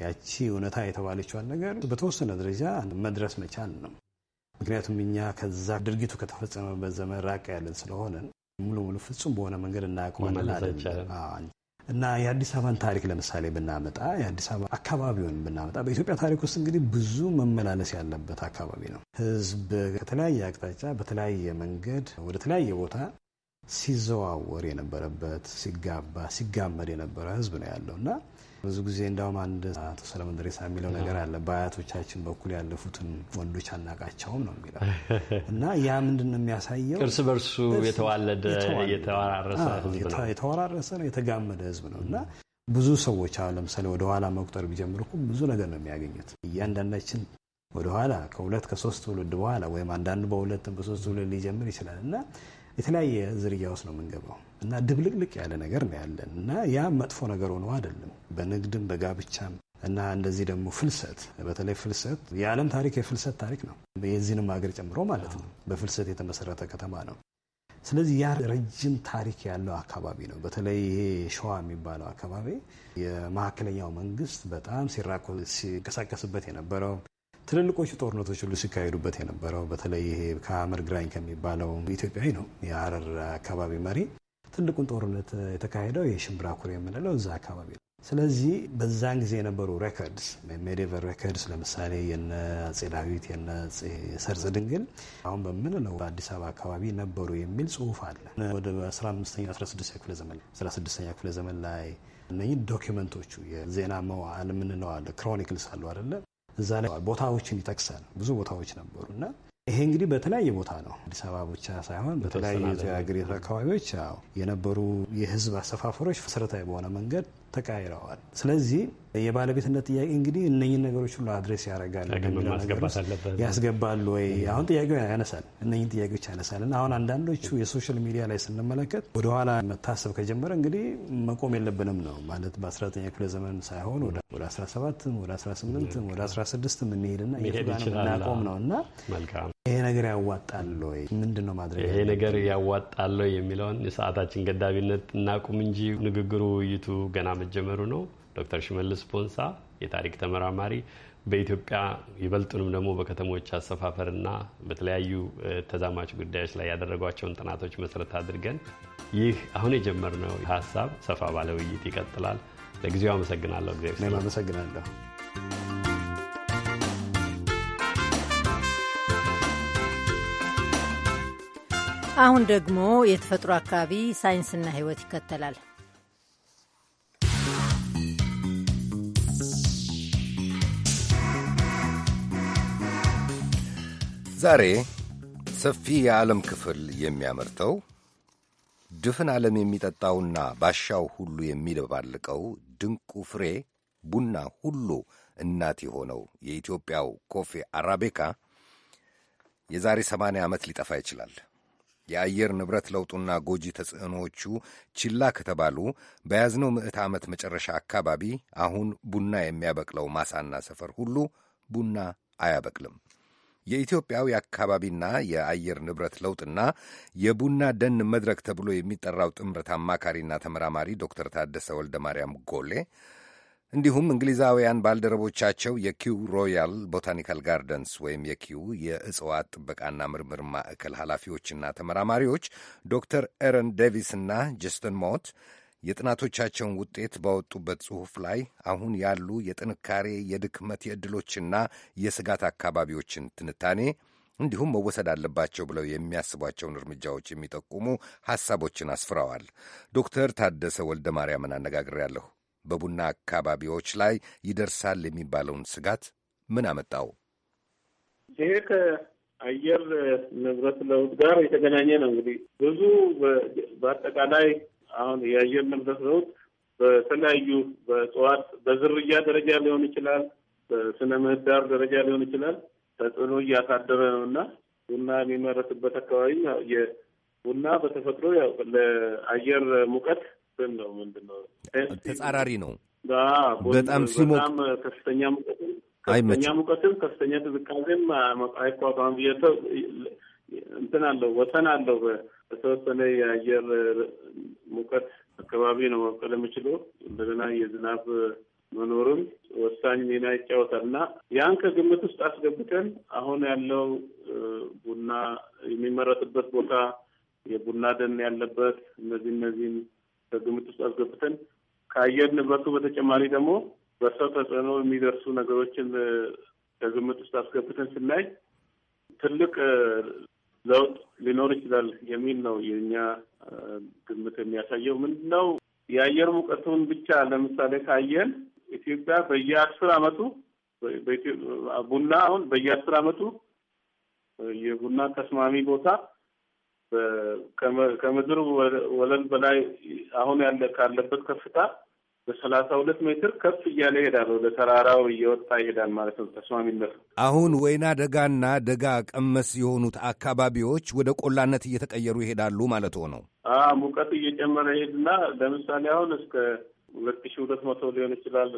[SPEAKER 15] ያቺ እውነታ የተባለችዋን ነገር በተወሰነ ደረጃ መድረስ መቻል ነው። ምክንያቱም እኛ ከዛ ድርጊቱ ከተፈጸመበት ዘመን ራቅ ያለን ስለሆነ ሙሉ ሙሉ ፍጹም በሆነ መንገድ እናያቋለን እና የአዲስ አበባን ታሪክ ለምሳሌ ብናመጣ የአዲስ አበባ አካባቢውን ብናመጣ በኢትዮጵያ ታሪክ ውስጥ እንግዲህ ብዙ መመላለስ ያለበት አካባቢ ነው። ሕዝብ ከተለያየ አቅጣጫ በተለያየ መንገድ ወደ ተለያየ ቦታ ሲዘዋወር የነበረበት ሲጋባ ሲጋመድ የነበረ ሕዝብ ነው ያለው እና ብዙ ጊዜ እንዳውም አንድ አቶ ሰለሞን ደሬሳ የሚለው ነገር አለ። በአያቶቻችን በኩል ያለፉትን ወንዶች አናቃቸውም ነው የሚለው እና ያ ምንድን ነው የሚያሳየው እርስ በርሱ የተዋለደ የተወራረሰ ነው የተጋመደ ህዝብ ነው እና ብዙ ሰዎች አሁን ለምሳሌ ወደኋላ መቁጠር ቢጀምር እኮ ብዙ ነገር ነው የሚያገኙት። እያንዳንዳችን ወደኋላ ከሁለት ከሶስት ትውልድ በኋላ ወይም አንዳንዱ በሁለትም በሶስት ትውልድ ሊጀምር ይችላል እና የተለያየ ዝርያ ውስጥ ነው የምንገባው። እና ድብልቅልቅ ያለ ነገር ነው ያለን እና ያ መጥፎ ነገር ሆኖ አይደለም። በንግድም በጋብቻም እና እንደዚህ ደግሞ ፍልሰት፣ በተለይ ፍልሰት የዓለም ታሪክ የፍልሰት ታሪክ ነው። የዚህንም ሀገር ጨምሮ ማለት ነው። በፍልሰት የተመሰረተ ከተማ ነው። ስለዚህ ያ ረጅም ታሪክ ያለው አካባቢ ነው። በተለይ ይሄ ሸዋ የሚባለው አካባቢ የማዕከለኛው መንግስት በጣም ሲንቀሳቀስበት የነበረው ትልልቆቹ ጦርነቶች ሁሉ ሲካሄዱበት የነበረው በተለይ ይሄ ከአመር ግራኝ ከሚባለው ኢትዮጵያዊ ነው የሀረር አካባቢ መሪ ትልቁን ጦርነት የተካሄደው የሽምብራ ኩሬ የምንለው እዛ አካባቢ ነው። ስለዚህ በዛን ጊዜ የነበሩ ሬኮርድስ ሜዲቨር ሬኮርድስ ለምሳሌ የነ አጼ ዳዊት የነ ሰርጽ ድንግል አሁን በምንለው በአዲስ አበባ አካባቢ ነበሩ የሚል ጽሁፍ አለ። ወደ 15ኛ 16ኛ ክፍለ ዘመን 16ኛ ክፍለ ዘመን ላይ እነህ ዶኪመንቶቹ የዜና መዋዕል የምንለው አለ ክሮኒክልስ አሉ አደለ እዛ ላይ ቦታዎችን ይጠቅሳል። ብዙ ቦታዎች ነበሩ እና ይሄ እንግዲህ በተለያየ ቦታ ነው። አዲስ አበባ ብቻ ሳይሆን በተለያዩ የሀገሪቱ አካባቢዎች የነበሩ የህዝብ አሰፋፈሮች መሰረታዊ በሆነ መንገድ ተቃይረዋል። ስለዚህ የባለቤትነት ጥያቄ እንግዲህ እነኝን ነገሮች ሁሉ አድሬስ ያደርጋል ያስገባሉ ወይ አሁን ጥያቄ ያነሳል እነኝን ጥያቄዎች ያነሳል እና አሁን አንዳንዶቹ የሶሻል ሚዲያ ላይ ስንመለከት ወደኋላ መታሰብ ከጀመረ እንግዲህ መቆም የለብንም ነው ማለት በ19ኛ ክፍለ ዘመን ሳይሆን ወደ 17 ወደ 18 ወደ 16 የምንሄድና የምናቆም ነው እና ይሄ ነገር ያዋጣል ወይ ምንድን ነው
[SPEAKER 12] ማድረግ ይሄ ነገር ያዋጣል የሚለውን የሰዓታችን ገዳቢነት እናቁም እንጂ ንግግሩ ውይይቱ ገና መጀመሩ ነው። ዶክተር ሽመልስ ቦንሳ የታሪክ ተመራማሪ በኢትዮጵያ ይበልጡንም ደግሞ በከተሞች አሰፋፈርና በተለያዩ ተዛማች ጉዳዮች ላይ ያደረጓቸውን ጥናቶች መሰረት አድርገን ይህ አሁን የጀመርነው ሀሳብ ሰፋ ባለ ውይይት ይቀጥላል። ለጊዜው አመሰግናለሁ። እግዜር አመሰግናለሁ።
[SPEAKER 1] አሁን ደግሞ የተፈጥሮ አካባቢ ሳይንስና ሕይወት ይከተላል።
[SPEAKER 2] ዛሬ ሰፊ የዓለም ክፍል የሚያመርተው ድፍን ዓለም የሚጠጣውና ባሻው ሁሉ የሚደባልቀው ድንቁ ፍሬ ቡና ሁሉ እናት የሆነው የኢትዮጵያው ኮፊ አራቤካ የዛሬ ሰማንያ ዓመት ሊጠፋ ይችላል። የአየር ንብረት ለውጡና ጎጂ ተጽዕኖዎቹ ችላ ከተባሉ በያዝነው ምዕት ዓመት መጨረሻ አካባቢ አሁን ቡና የሚያበቅለው ማሳና ሰፈር ሁሉ ቡና አያበቅልም። የኢትዮጵያው የአካባቢና የአየር ንብረት ለውጥና የቡና ደን መድረክ ተብሎ የሚጠራው ጥምረት አማካሪና ተመራማሪ ዶክተር ታደሰ ወልደ ማርያም ጎሌ እንዲሁም እንግሊዛውያን ባልደረቦቻቸው የኪው ሮያል ቦታኒካል ጋርደንስ ወይም የኪው የእጽዋት ጥበቃና ምርምር ማዕከል ኃላፊዎችና ተመራማሪዎች ዶክተር ኤረን ዴቪስ እና ጀስትን ሞት የጥናቶቻቸውን ውጤት ባወጡበት ጽሑፍ ላይ አሁን ያሉ የጥንካሬ፣ የድክመት፣ የዕድሎችና የስጋት አካባቢዎችን ትንታኔ እንዲሁም መወሰድ አለባቸው ብለው የሚያስቧቸውን እርምጃዎች የሚጠቁሙ ሐሳቦችን አስፍረዋል። ዶክተር ታደሰ ወልደ ማርያምን አነጋግሬያለሁ። በቡና አካባቢዎች ላይ ይደርሳል የሚባለውን ስጋት ምን አመጣው?
[SPEAKER 9] ይሄ ከአየር ንብረት ለውጥ ጋር የተገናኘ ነው። እንግዲህ ብዙ በአጠቃላይ አሁን የአየር ያየንበት ለውጥ በተለያዩ በእጽዋት በዝርያ ደረጃ ሊሆን ይችላል፣ በስነ ምህዳር ደረጃ ሊሆን ይችላል ተጽዕኖ እያሳደረ ነው እና ቡና የሚመረትበት አካባቢ ቡና በተፈጥሮ ያው ለአየር ሙቀት ስን ነው ምንድን ነው
[SPEAKER 2] ተጻራሪ ነው።
[SPEAKER 9] በጣም ሲሞቅ ከፍተኛ ሙቀትም ከፍተኛ ሙቀትም ከፍተኛ ቅዝቃዜም አይቋቋም እንትን አለው ወሰን አለው። በተወሰነ የአየር ሙቀት አካባቢ ነው መብቀል የሚችለው። እንደገና የዝናብ መኖርም ወሳኝ ሚና ይጫወታል እና ያን ከግምት ውስጥ አስገብተን አሁን ያለው ቡና የሚመረትበት ቦታ የቡና ደን ያለበት እነዚህ እነዚህም ከግምት ውስጥ አስገብተን ከአየር ንብረቱ በተጨማሪ ደግሞ በሰው ተጽዕኖ የሚደርሱ ነገሮችን ከግምት ውስጥ አስገብተን ስናይ ትልቅ ለውጥ ሊኖር ይችላል የሚል ነው የእኛ ግምት የሚያሳየው። ምንድን ነው የአየር ሙቀቱን ብቻ ለምሳሌ ካየን ኢትዮጵያ በየአስር አመቱ ቡና አሁን በየአስር አመቱ የቡና ተስማሚ ቦታ ከምድር ወለል በላይ አሁን ያለ ካለበት ከፍታ በሰላሳ ሁለት ሜትር ከፍ እያለ ይሄዳል። ወደ ተራራው እየወጣ ይሄዳል ማለት ነው። ተስማሚነት
[SPEAKER 2] አሁን ወይና ደጋና ደጋ ቀመስ የሆኑት አካባቢዎች ወደ ቆላነት እየተቀየሩ ይሄዳሉ ማለት ነው።
[SPEAKER 9] ሙቀት እየጨመረ ይሄድና ለምሳሌ አሁን እስከ ሁለት ሺ ሁለት መቶ ሊሆን ይችላል።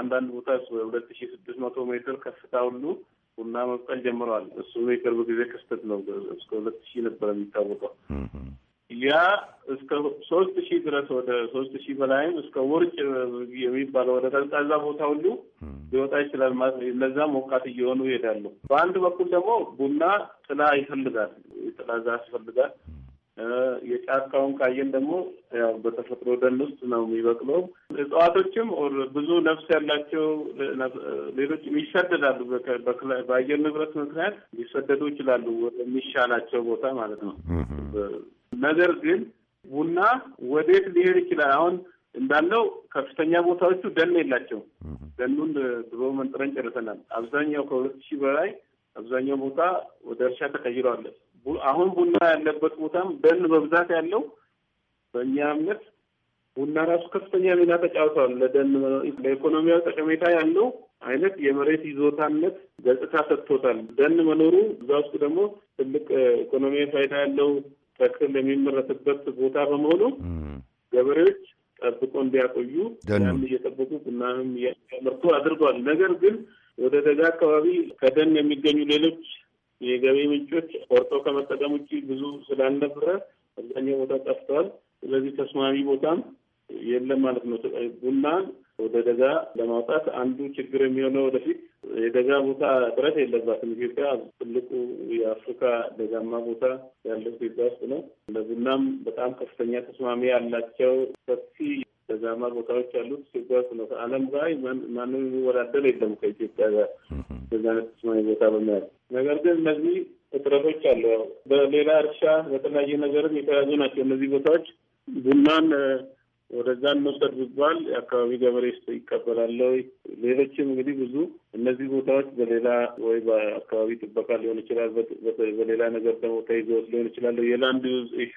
[SPEAKER 9] አንዳንድ ቦታ ሁለት ሺ ስድስት መቶ ሜትር ከፍታ ሁሉ ቡና መብቀል ጀምረዋል። እሱ የቅርብ ጊዜ ክስተት ነው። እስከ ሁለት ሺህ ነበር የሚታወቀው። ያ እስከ ሶስት ሺህ ድረስ ወደ ሶስት ሺህ በላይም እስከ ውርጭ የሚባለው ወደ ቀዝቃዛ ቦታ ሁሉ ሊወጣ ይችላል። ለዛ ሞቃት እየሆኑ ይሄዳሉ። በአንድ በኩል ደግሞ ቡና ጥላ ይፈልጋል፣ ጥላ ዛፍ ይፈልጋል። የጫካውን ካየን ደግሞ ያው በተፈጥሮ ደን ውስጥ ነው የሚበቅለው። እጽዋቶችም ብዙ ነፍስ ያላቸው ሌሎች ይሰደዳሉ። በአየር ንብረት ምክንያት ሊሰደዱ ይችላሉ ወደሚሻላቸው ቦታ ማለት ነው። ነገር ግን ቡና ወዴት ሊሄድ ይችላል? አሁን እንዳለው ከፍተኛ ቦታዎቹ ደን የላቸው። ደኑን ድሮ መንጥረን ጨርሰናል። አብዛኛው ከሁለት ሺህ በላይ አብዛኛው ቦታ ወደ እርሻ ተቀይሯል። አሁን ቡና ያለበት ቦታም ደን በብዛት ያለው በእኛ እምነት ቡና ራሱ ከፍተኛ ሚና ተጫውተዋል። ለደን ለኢኮኖሚያዊ ጠቀሜታ ያለው አይነት የመሬት ይዞታነት ገጽታ ሰጥቶታል። ደን መኖሩ እዛ ውስጥ ደግሞ ትልቅ ኢኮኖሚያዊ ፋይዳ ያለው ተክል የሚመረትበት ቦታ በመሆኑ ገበሬዎች ጠብቆ እንዲያቆዩ ያን እየጠበቁ ቡናንም እያመርቱ አድርጓል። ነገር ግን ወደ ደጋ አካባቢ ከደን የሚገኙ ሌሎች የገቢ ምንጮች ቆርጦ ከመጠቀም ውጭ ብዙ ስላልነበረ አብዛኛው ቦታ ጠፍተዋል። ስለዚህ ተስማሚ ቦታም የለም ማለት ነው ቡናን ወደ ደጋ ለማውጣት አንዱ ችግር የሚሆነው ወደፊት የደጋ ቦታ እጥረት የለባትም ኢትዮጵያ። ትልቁ የአፍሪካ ደጋማ ቦታ ያለው ኢትዮጵያ ውስጥ ነው። ለቡናም በጣም ከፍተኛ ተስማሚ ያላቸው ሰፊ ደጋማ ቦታዎች ያሉት ኢትዮጵያ ውስጥ ነው። ከዓለም ጋር ማንም የሚወዳደር የለም ከኢትዮጵያ ጋር እንደዚህ አይነት ተስማሚ ቦታ በመያዝ ነገር ግን እነዚህ እጥረቶች አለ። በሌላ እርሻ በተለያየ ነገርም የተያዙ ናቸው እነዚህ ቦታዎች ቡናን ወደዛ እንውሰድ ብባል የአካባቢ ገበሬ ይቀበላል። ሌሎችም እንግዲህ ብዙ እነዚህ ቦታዎች በሌላ ወይ በአካባቢ ጥበቃ ሊሆን ይችላል፣ በሌላ ነገር ደግሞ ተይዘውት ሊሆን ይችላል። የላንድ ዩዝ ኢሹ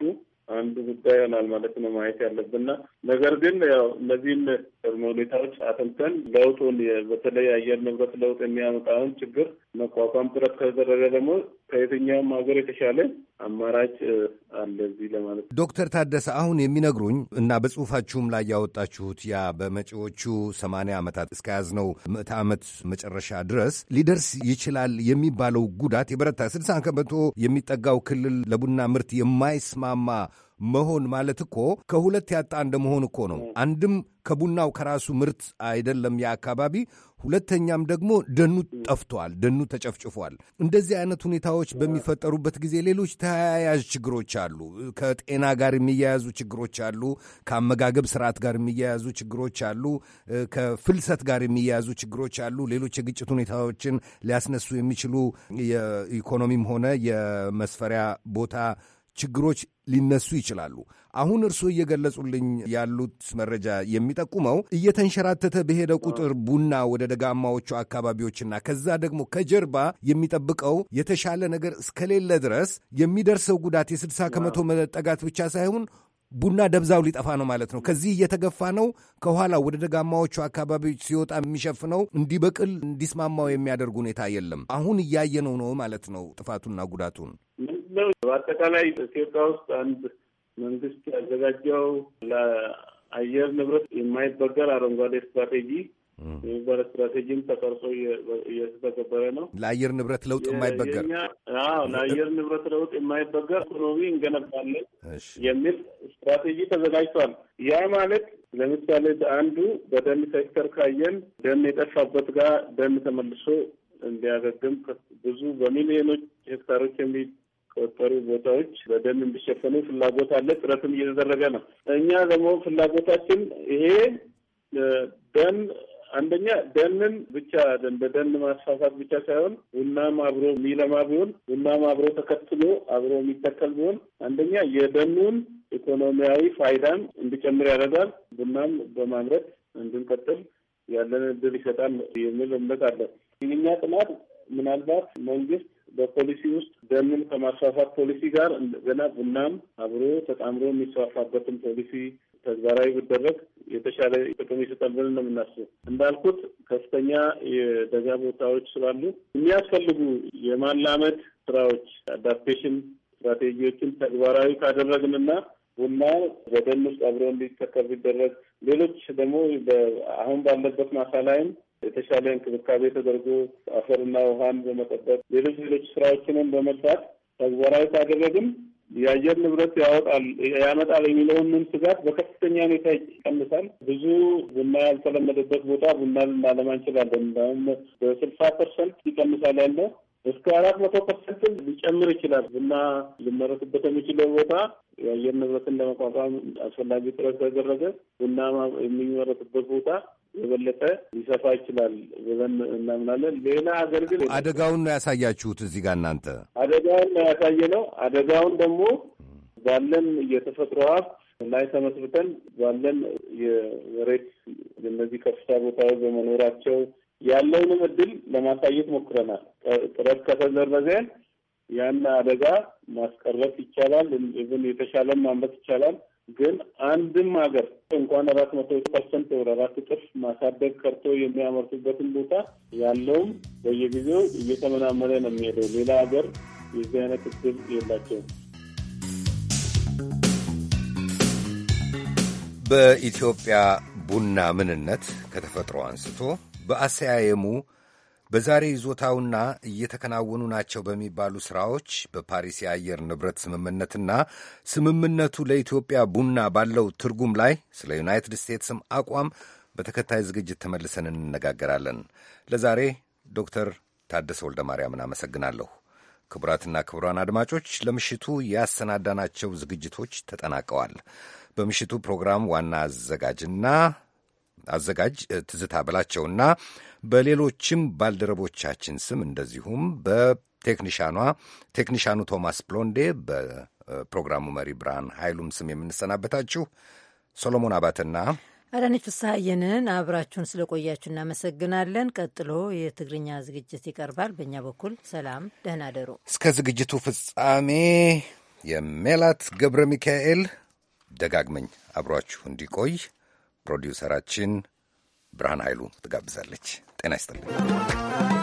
[SPEAKER 9] አንዱ ጉዳይ ሆናል ማለት ነው ማየት ያለብንና ነገር ግን ያው እነዚህን ቅድመ ሁኔታዎች አጥንተን ለውጡን በተለይ አየር ንብረት ለውጥ የሚያመጣውን ችግር መቋቋም ጥረት ከተደረገ ደግሞ ከየትኛውም ሀገር የተሻለ አማራጭ አለ እዚህ ለማለት
[SPEAKER 2] ዶክተር ታደሰ አሁን የሚነግሩኝ እና በጽሁፋችሁም ላይ ያወጣችሁት ያ በመጪዎቹ ሰማንያ ዓመታት እስከያዝነው ምዕተ ዓመት መጨረሻ ድረስ ሊደርስ ይችላል የሚባለው ጉዳት የበረታ ስልሳ ከመቶ የሚጠጋው ክልል ለቡና ምርት የማይስማማ መሆን ማለት እኮ ከሁለት ያጣ እንደመሆን እኮ ነው። አንድም ከቡናው ከራሱ ምርት አይደለም የአካባቢ፣ ሁለተኛም ደግሞ ደኑ ጠፍቷል፣ ደኑ ተጨፍጭፏል። እንደዚህ አይነት ሁኔታዎች በሚፈጠሩበት ጊዜ ሌሎች ተያያዥ ችግሮች አሉ። ከጤና ጋር የሚያያዙ ችግሮች አሉ። ከአመጋገብ ስርዓት ጋር የሚያያዙ ችግሮች አሉ። ከፍልሰት ጋር የሚያያዙ ችግሮች አሉ። ሌሎች የግጭት ሁኔታዎችን ሊያስነሱ የሚችሉ የኢኮኖሚም ሆነ የመስፈሪያ ቦታ ችግሮች ሊነሱ ይችላሉ። አሁን እርስዎ እየገለጹልኝ ያሉት መረጃ የሚጠቁመው እየተንሸራተተ በሄደ ቁጥር ቡና ወደ ደጋማዎቹ አካባቢዎችና ከዛ ደግሞ ከጀርባ የሚጠብቀው የተሻለ ነገር እስከሌለ ድረስ የሚደርሰው ጉዳት የስድሳ ከመቶ መጠጋት ብቻ ሳይሆን ቡና ደብዛው ሊጠፋ ነው ማለት ነው። ከዚህ እየተገፋ ነው። ከኋላ ወደ ደጋማዎቹ አካባቢዎች ሲወጣ የሚሸፍነው እንዲበቅል እንዲስማማው የሚያደርግ ሁኔታ የለም። አሁን እያየነው ነው ማለት ነው ጥፋቱና ጉዳቱን
[SPEAKER 9] ነው። በአጠቃላይ ኢትዮጵያ ውስጥ አንድ መንግስት ያዘጋጀው ለአየር ንብረት የማይበገር አረንጓዴ ስትራቴጂ የሚባል ስትራቴጂም ተቀርጾ እየተተገበረ ነው። ለአየር ንብረት ለውጥ የማይበገር ለአየር ንብረት ለውጥ የማይበገር ኢኮኖሚ እንገነባለን የሚል ስትራቴጂ ተዘጋጅቷል። ያ ማለት ለምሳሌ አንዱ በደን ሴክተር ካየን ደን የጠፋበት ጋር ደን ተመልሶ እንዲያገግም ብዙ በሚሊዮኖች ሄክታሮች የተቆጠሩ ቦታዎች በደንብ እንዲሸፈኑ ፍላጎት አለ። ጥረትም እየተደረገ ነው። እኛ ደግሞ ፍላጎታችን ይሄ ደን አንደኛ ደንን ብቻ እንደ ደን ማስፋፋት ብቻ ሳይሆን ቡናም አብሮ የሚለማ ቢሆን ቡናም አብሮ ተከትሎ አብሮ የሚተከል ቢሆን አንደኛ የደኑን ኢኮኖሚያዊ ፋይዳም እንዲጨምር ያደርጋል። ቡናም በማምረት እንድንቀጥል ያለን እድል ይሰጣል የሚል እምነት አለ። የኛ ጥናት ምናልባት መንግስት በፖሊሲ ውስጥ ደንን ከማስፋፋት ፖሊሲ ጋር እንደገና ቡናም አብሮ ተጣምሮ የሚስፋፋበትን ፖሊሲ ተግባራዊ ብደረግ የተሻለ ጥቅም ይሰጣል ብለን ነው የምናስበው። እንዳልኩት ከፍተኛ የደጋ ቦታዎች ስላሉ የሚያስፈልጉ የማላመድ ስራዎች አዳፕቴሽን ስትራቴጂዎችን ተግባራዊ ካደረግንና ቡና በደን ውስጥ አብሮ እንዲተከል ቢደረግ ሌሎች ደግሞ አሁን ባለበት ማሳ ላይም የተሻለ እንክብካቤ ተደርጎ አፈርና ውሃን በመጠበቅ ሌሎች ሌሎች ስራዎችንም በመስራት ተግባራዊ ካደረግን የአየር ንብረት ያወጣል ያመጣል የሚለውንም ስጋት በከፍተኛ ሁኔታ ይቀንሳል። ብዙ ቡና ያልተለመደበት ቦታ ቡና ልናለማ እንችላለን። እንዳውም በስልሳ ፐርሰንት ይቀንሳል ያለው እስከ አራት መቶ ፐርሰንትም ሊጨምር ይችላል። ቡና ልመረትበት የሚችለው ቦታ የአየር ንብረትን ለመቋቋም አስፈላጊ ጥረት ተደረገ። ቡና የሚመረትበት ቦታ የበለጠ ሊሰፋ ይችላል ብለን እናምናለን። ሌላ ሀገር ግን አደጋውን
[SPEAKER 2] ነው ያሳያችሁት እዚህ ጋር እናንተ
[SPEAKER 9] አደጋውን ነው ያሳየ ነው። አደጋውን ደግሞ ባለን የተፈጥሮ ሀብት ላይ ተመስርተን ባለን የመሬት እነዚህ ከፍታ ቦታዎች በመኖራቸው ያለውንም እድል ለማሳየት ሞክረናል። ጥረት ከተደረገ ያን አደጋ ማስቀረት ይቻላል። ብን የተሻለን ማምረት ይቻላል። ግን አንድም ሀገር እንኳን አራት መቶ ፐርሰንት ወደ አራት እጥፍ ማሳደግ ከርቶ የሚያመርቱበትን ቦታ ያለውም በየጊዜው እየተመናመነ ነው የሚሄደው። ሌላ ሀገር የዚህ አይነት እድል የላቸውም።
[SPEAKER 2] በኢትዮጵያ ቡና ምንነት ከተፈጥሮ አንስቶ በአሰያየሙ በዛሬ ይዞታውና እየተከናወኑ ናቸው በሚባሉ ስራዎች በፓሪስ የአየር ንብረት ስምምነትና ስምምነቱ ለኢትዮጵያ ቡና ባለው ትርጉም ላይ ስለ ዩናይትድ ስቴትስም አቋም በተከታይ ዝግጅት ተመልሰን እንነጋገራለን። ለዛሬ ዶክተር ታደሰ ወልደ ማርያምን አመሰግናለሁ። ክቡራትና ክቡራን አድማጮች ለምሽቱ ያሰናዳናቸው ዝግጅቶች ተጠናቀዋል። በምሽቱ ፕሮግራም ዋና አዘጋጅና አዘጋጅ ትዝታ በላቸውና በሌሎችም ባልደረቦቻችን ስም እንደዚሁም በቴክኒሻኗ ቴክኒሻኑ ቶማስ ብሎንዴ በፕሮግራሙ መሪ ብርሃን ኃይሉም ስም የምንሰናበታችሁ ሶሎሞን አባትና
[SPEAKER 1] አዳነች ፍስሐየንን አብራችሁን ስለቆያችሁ እናመሰግናለን። ቀጥሎ የትግርኛ ዝግጅት ይቀርባል። በእኛ በኩል ሰላም፣ ደህና ደሩ።
[SPEAKER 2] እስከ ዝግጅቱ ፍጻሜ የሜላት ገብረ ሚካኤል ደጋግመኝ አብሯችሁ እንዲቆይ ፕሮዲውሰራችን ብርሃን ኃይሉ ትጋብዛለች። ጤና ይስጥልኝ።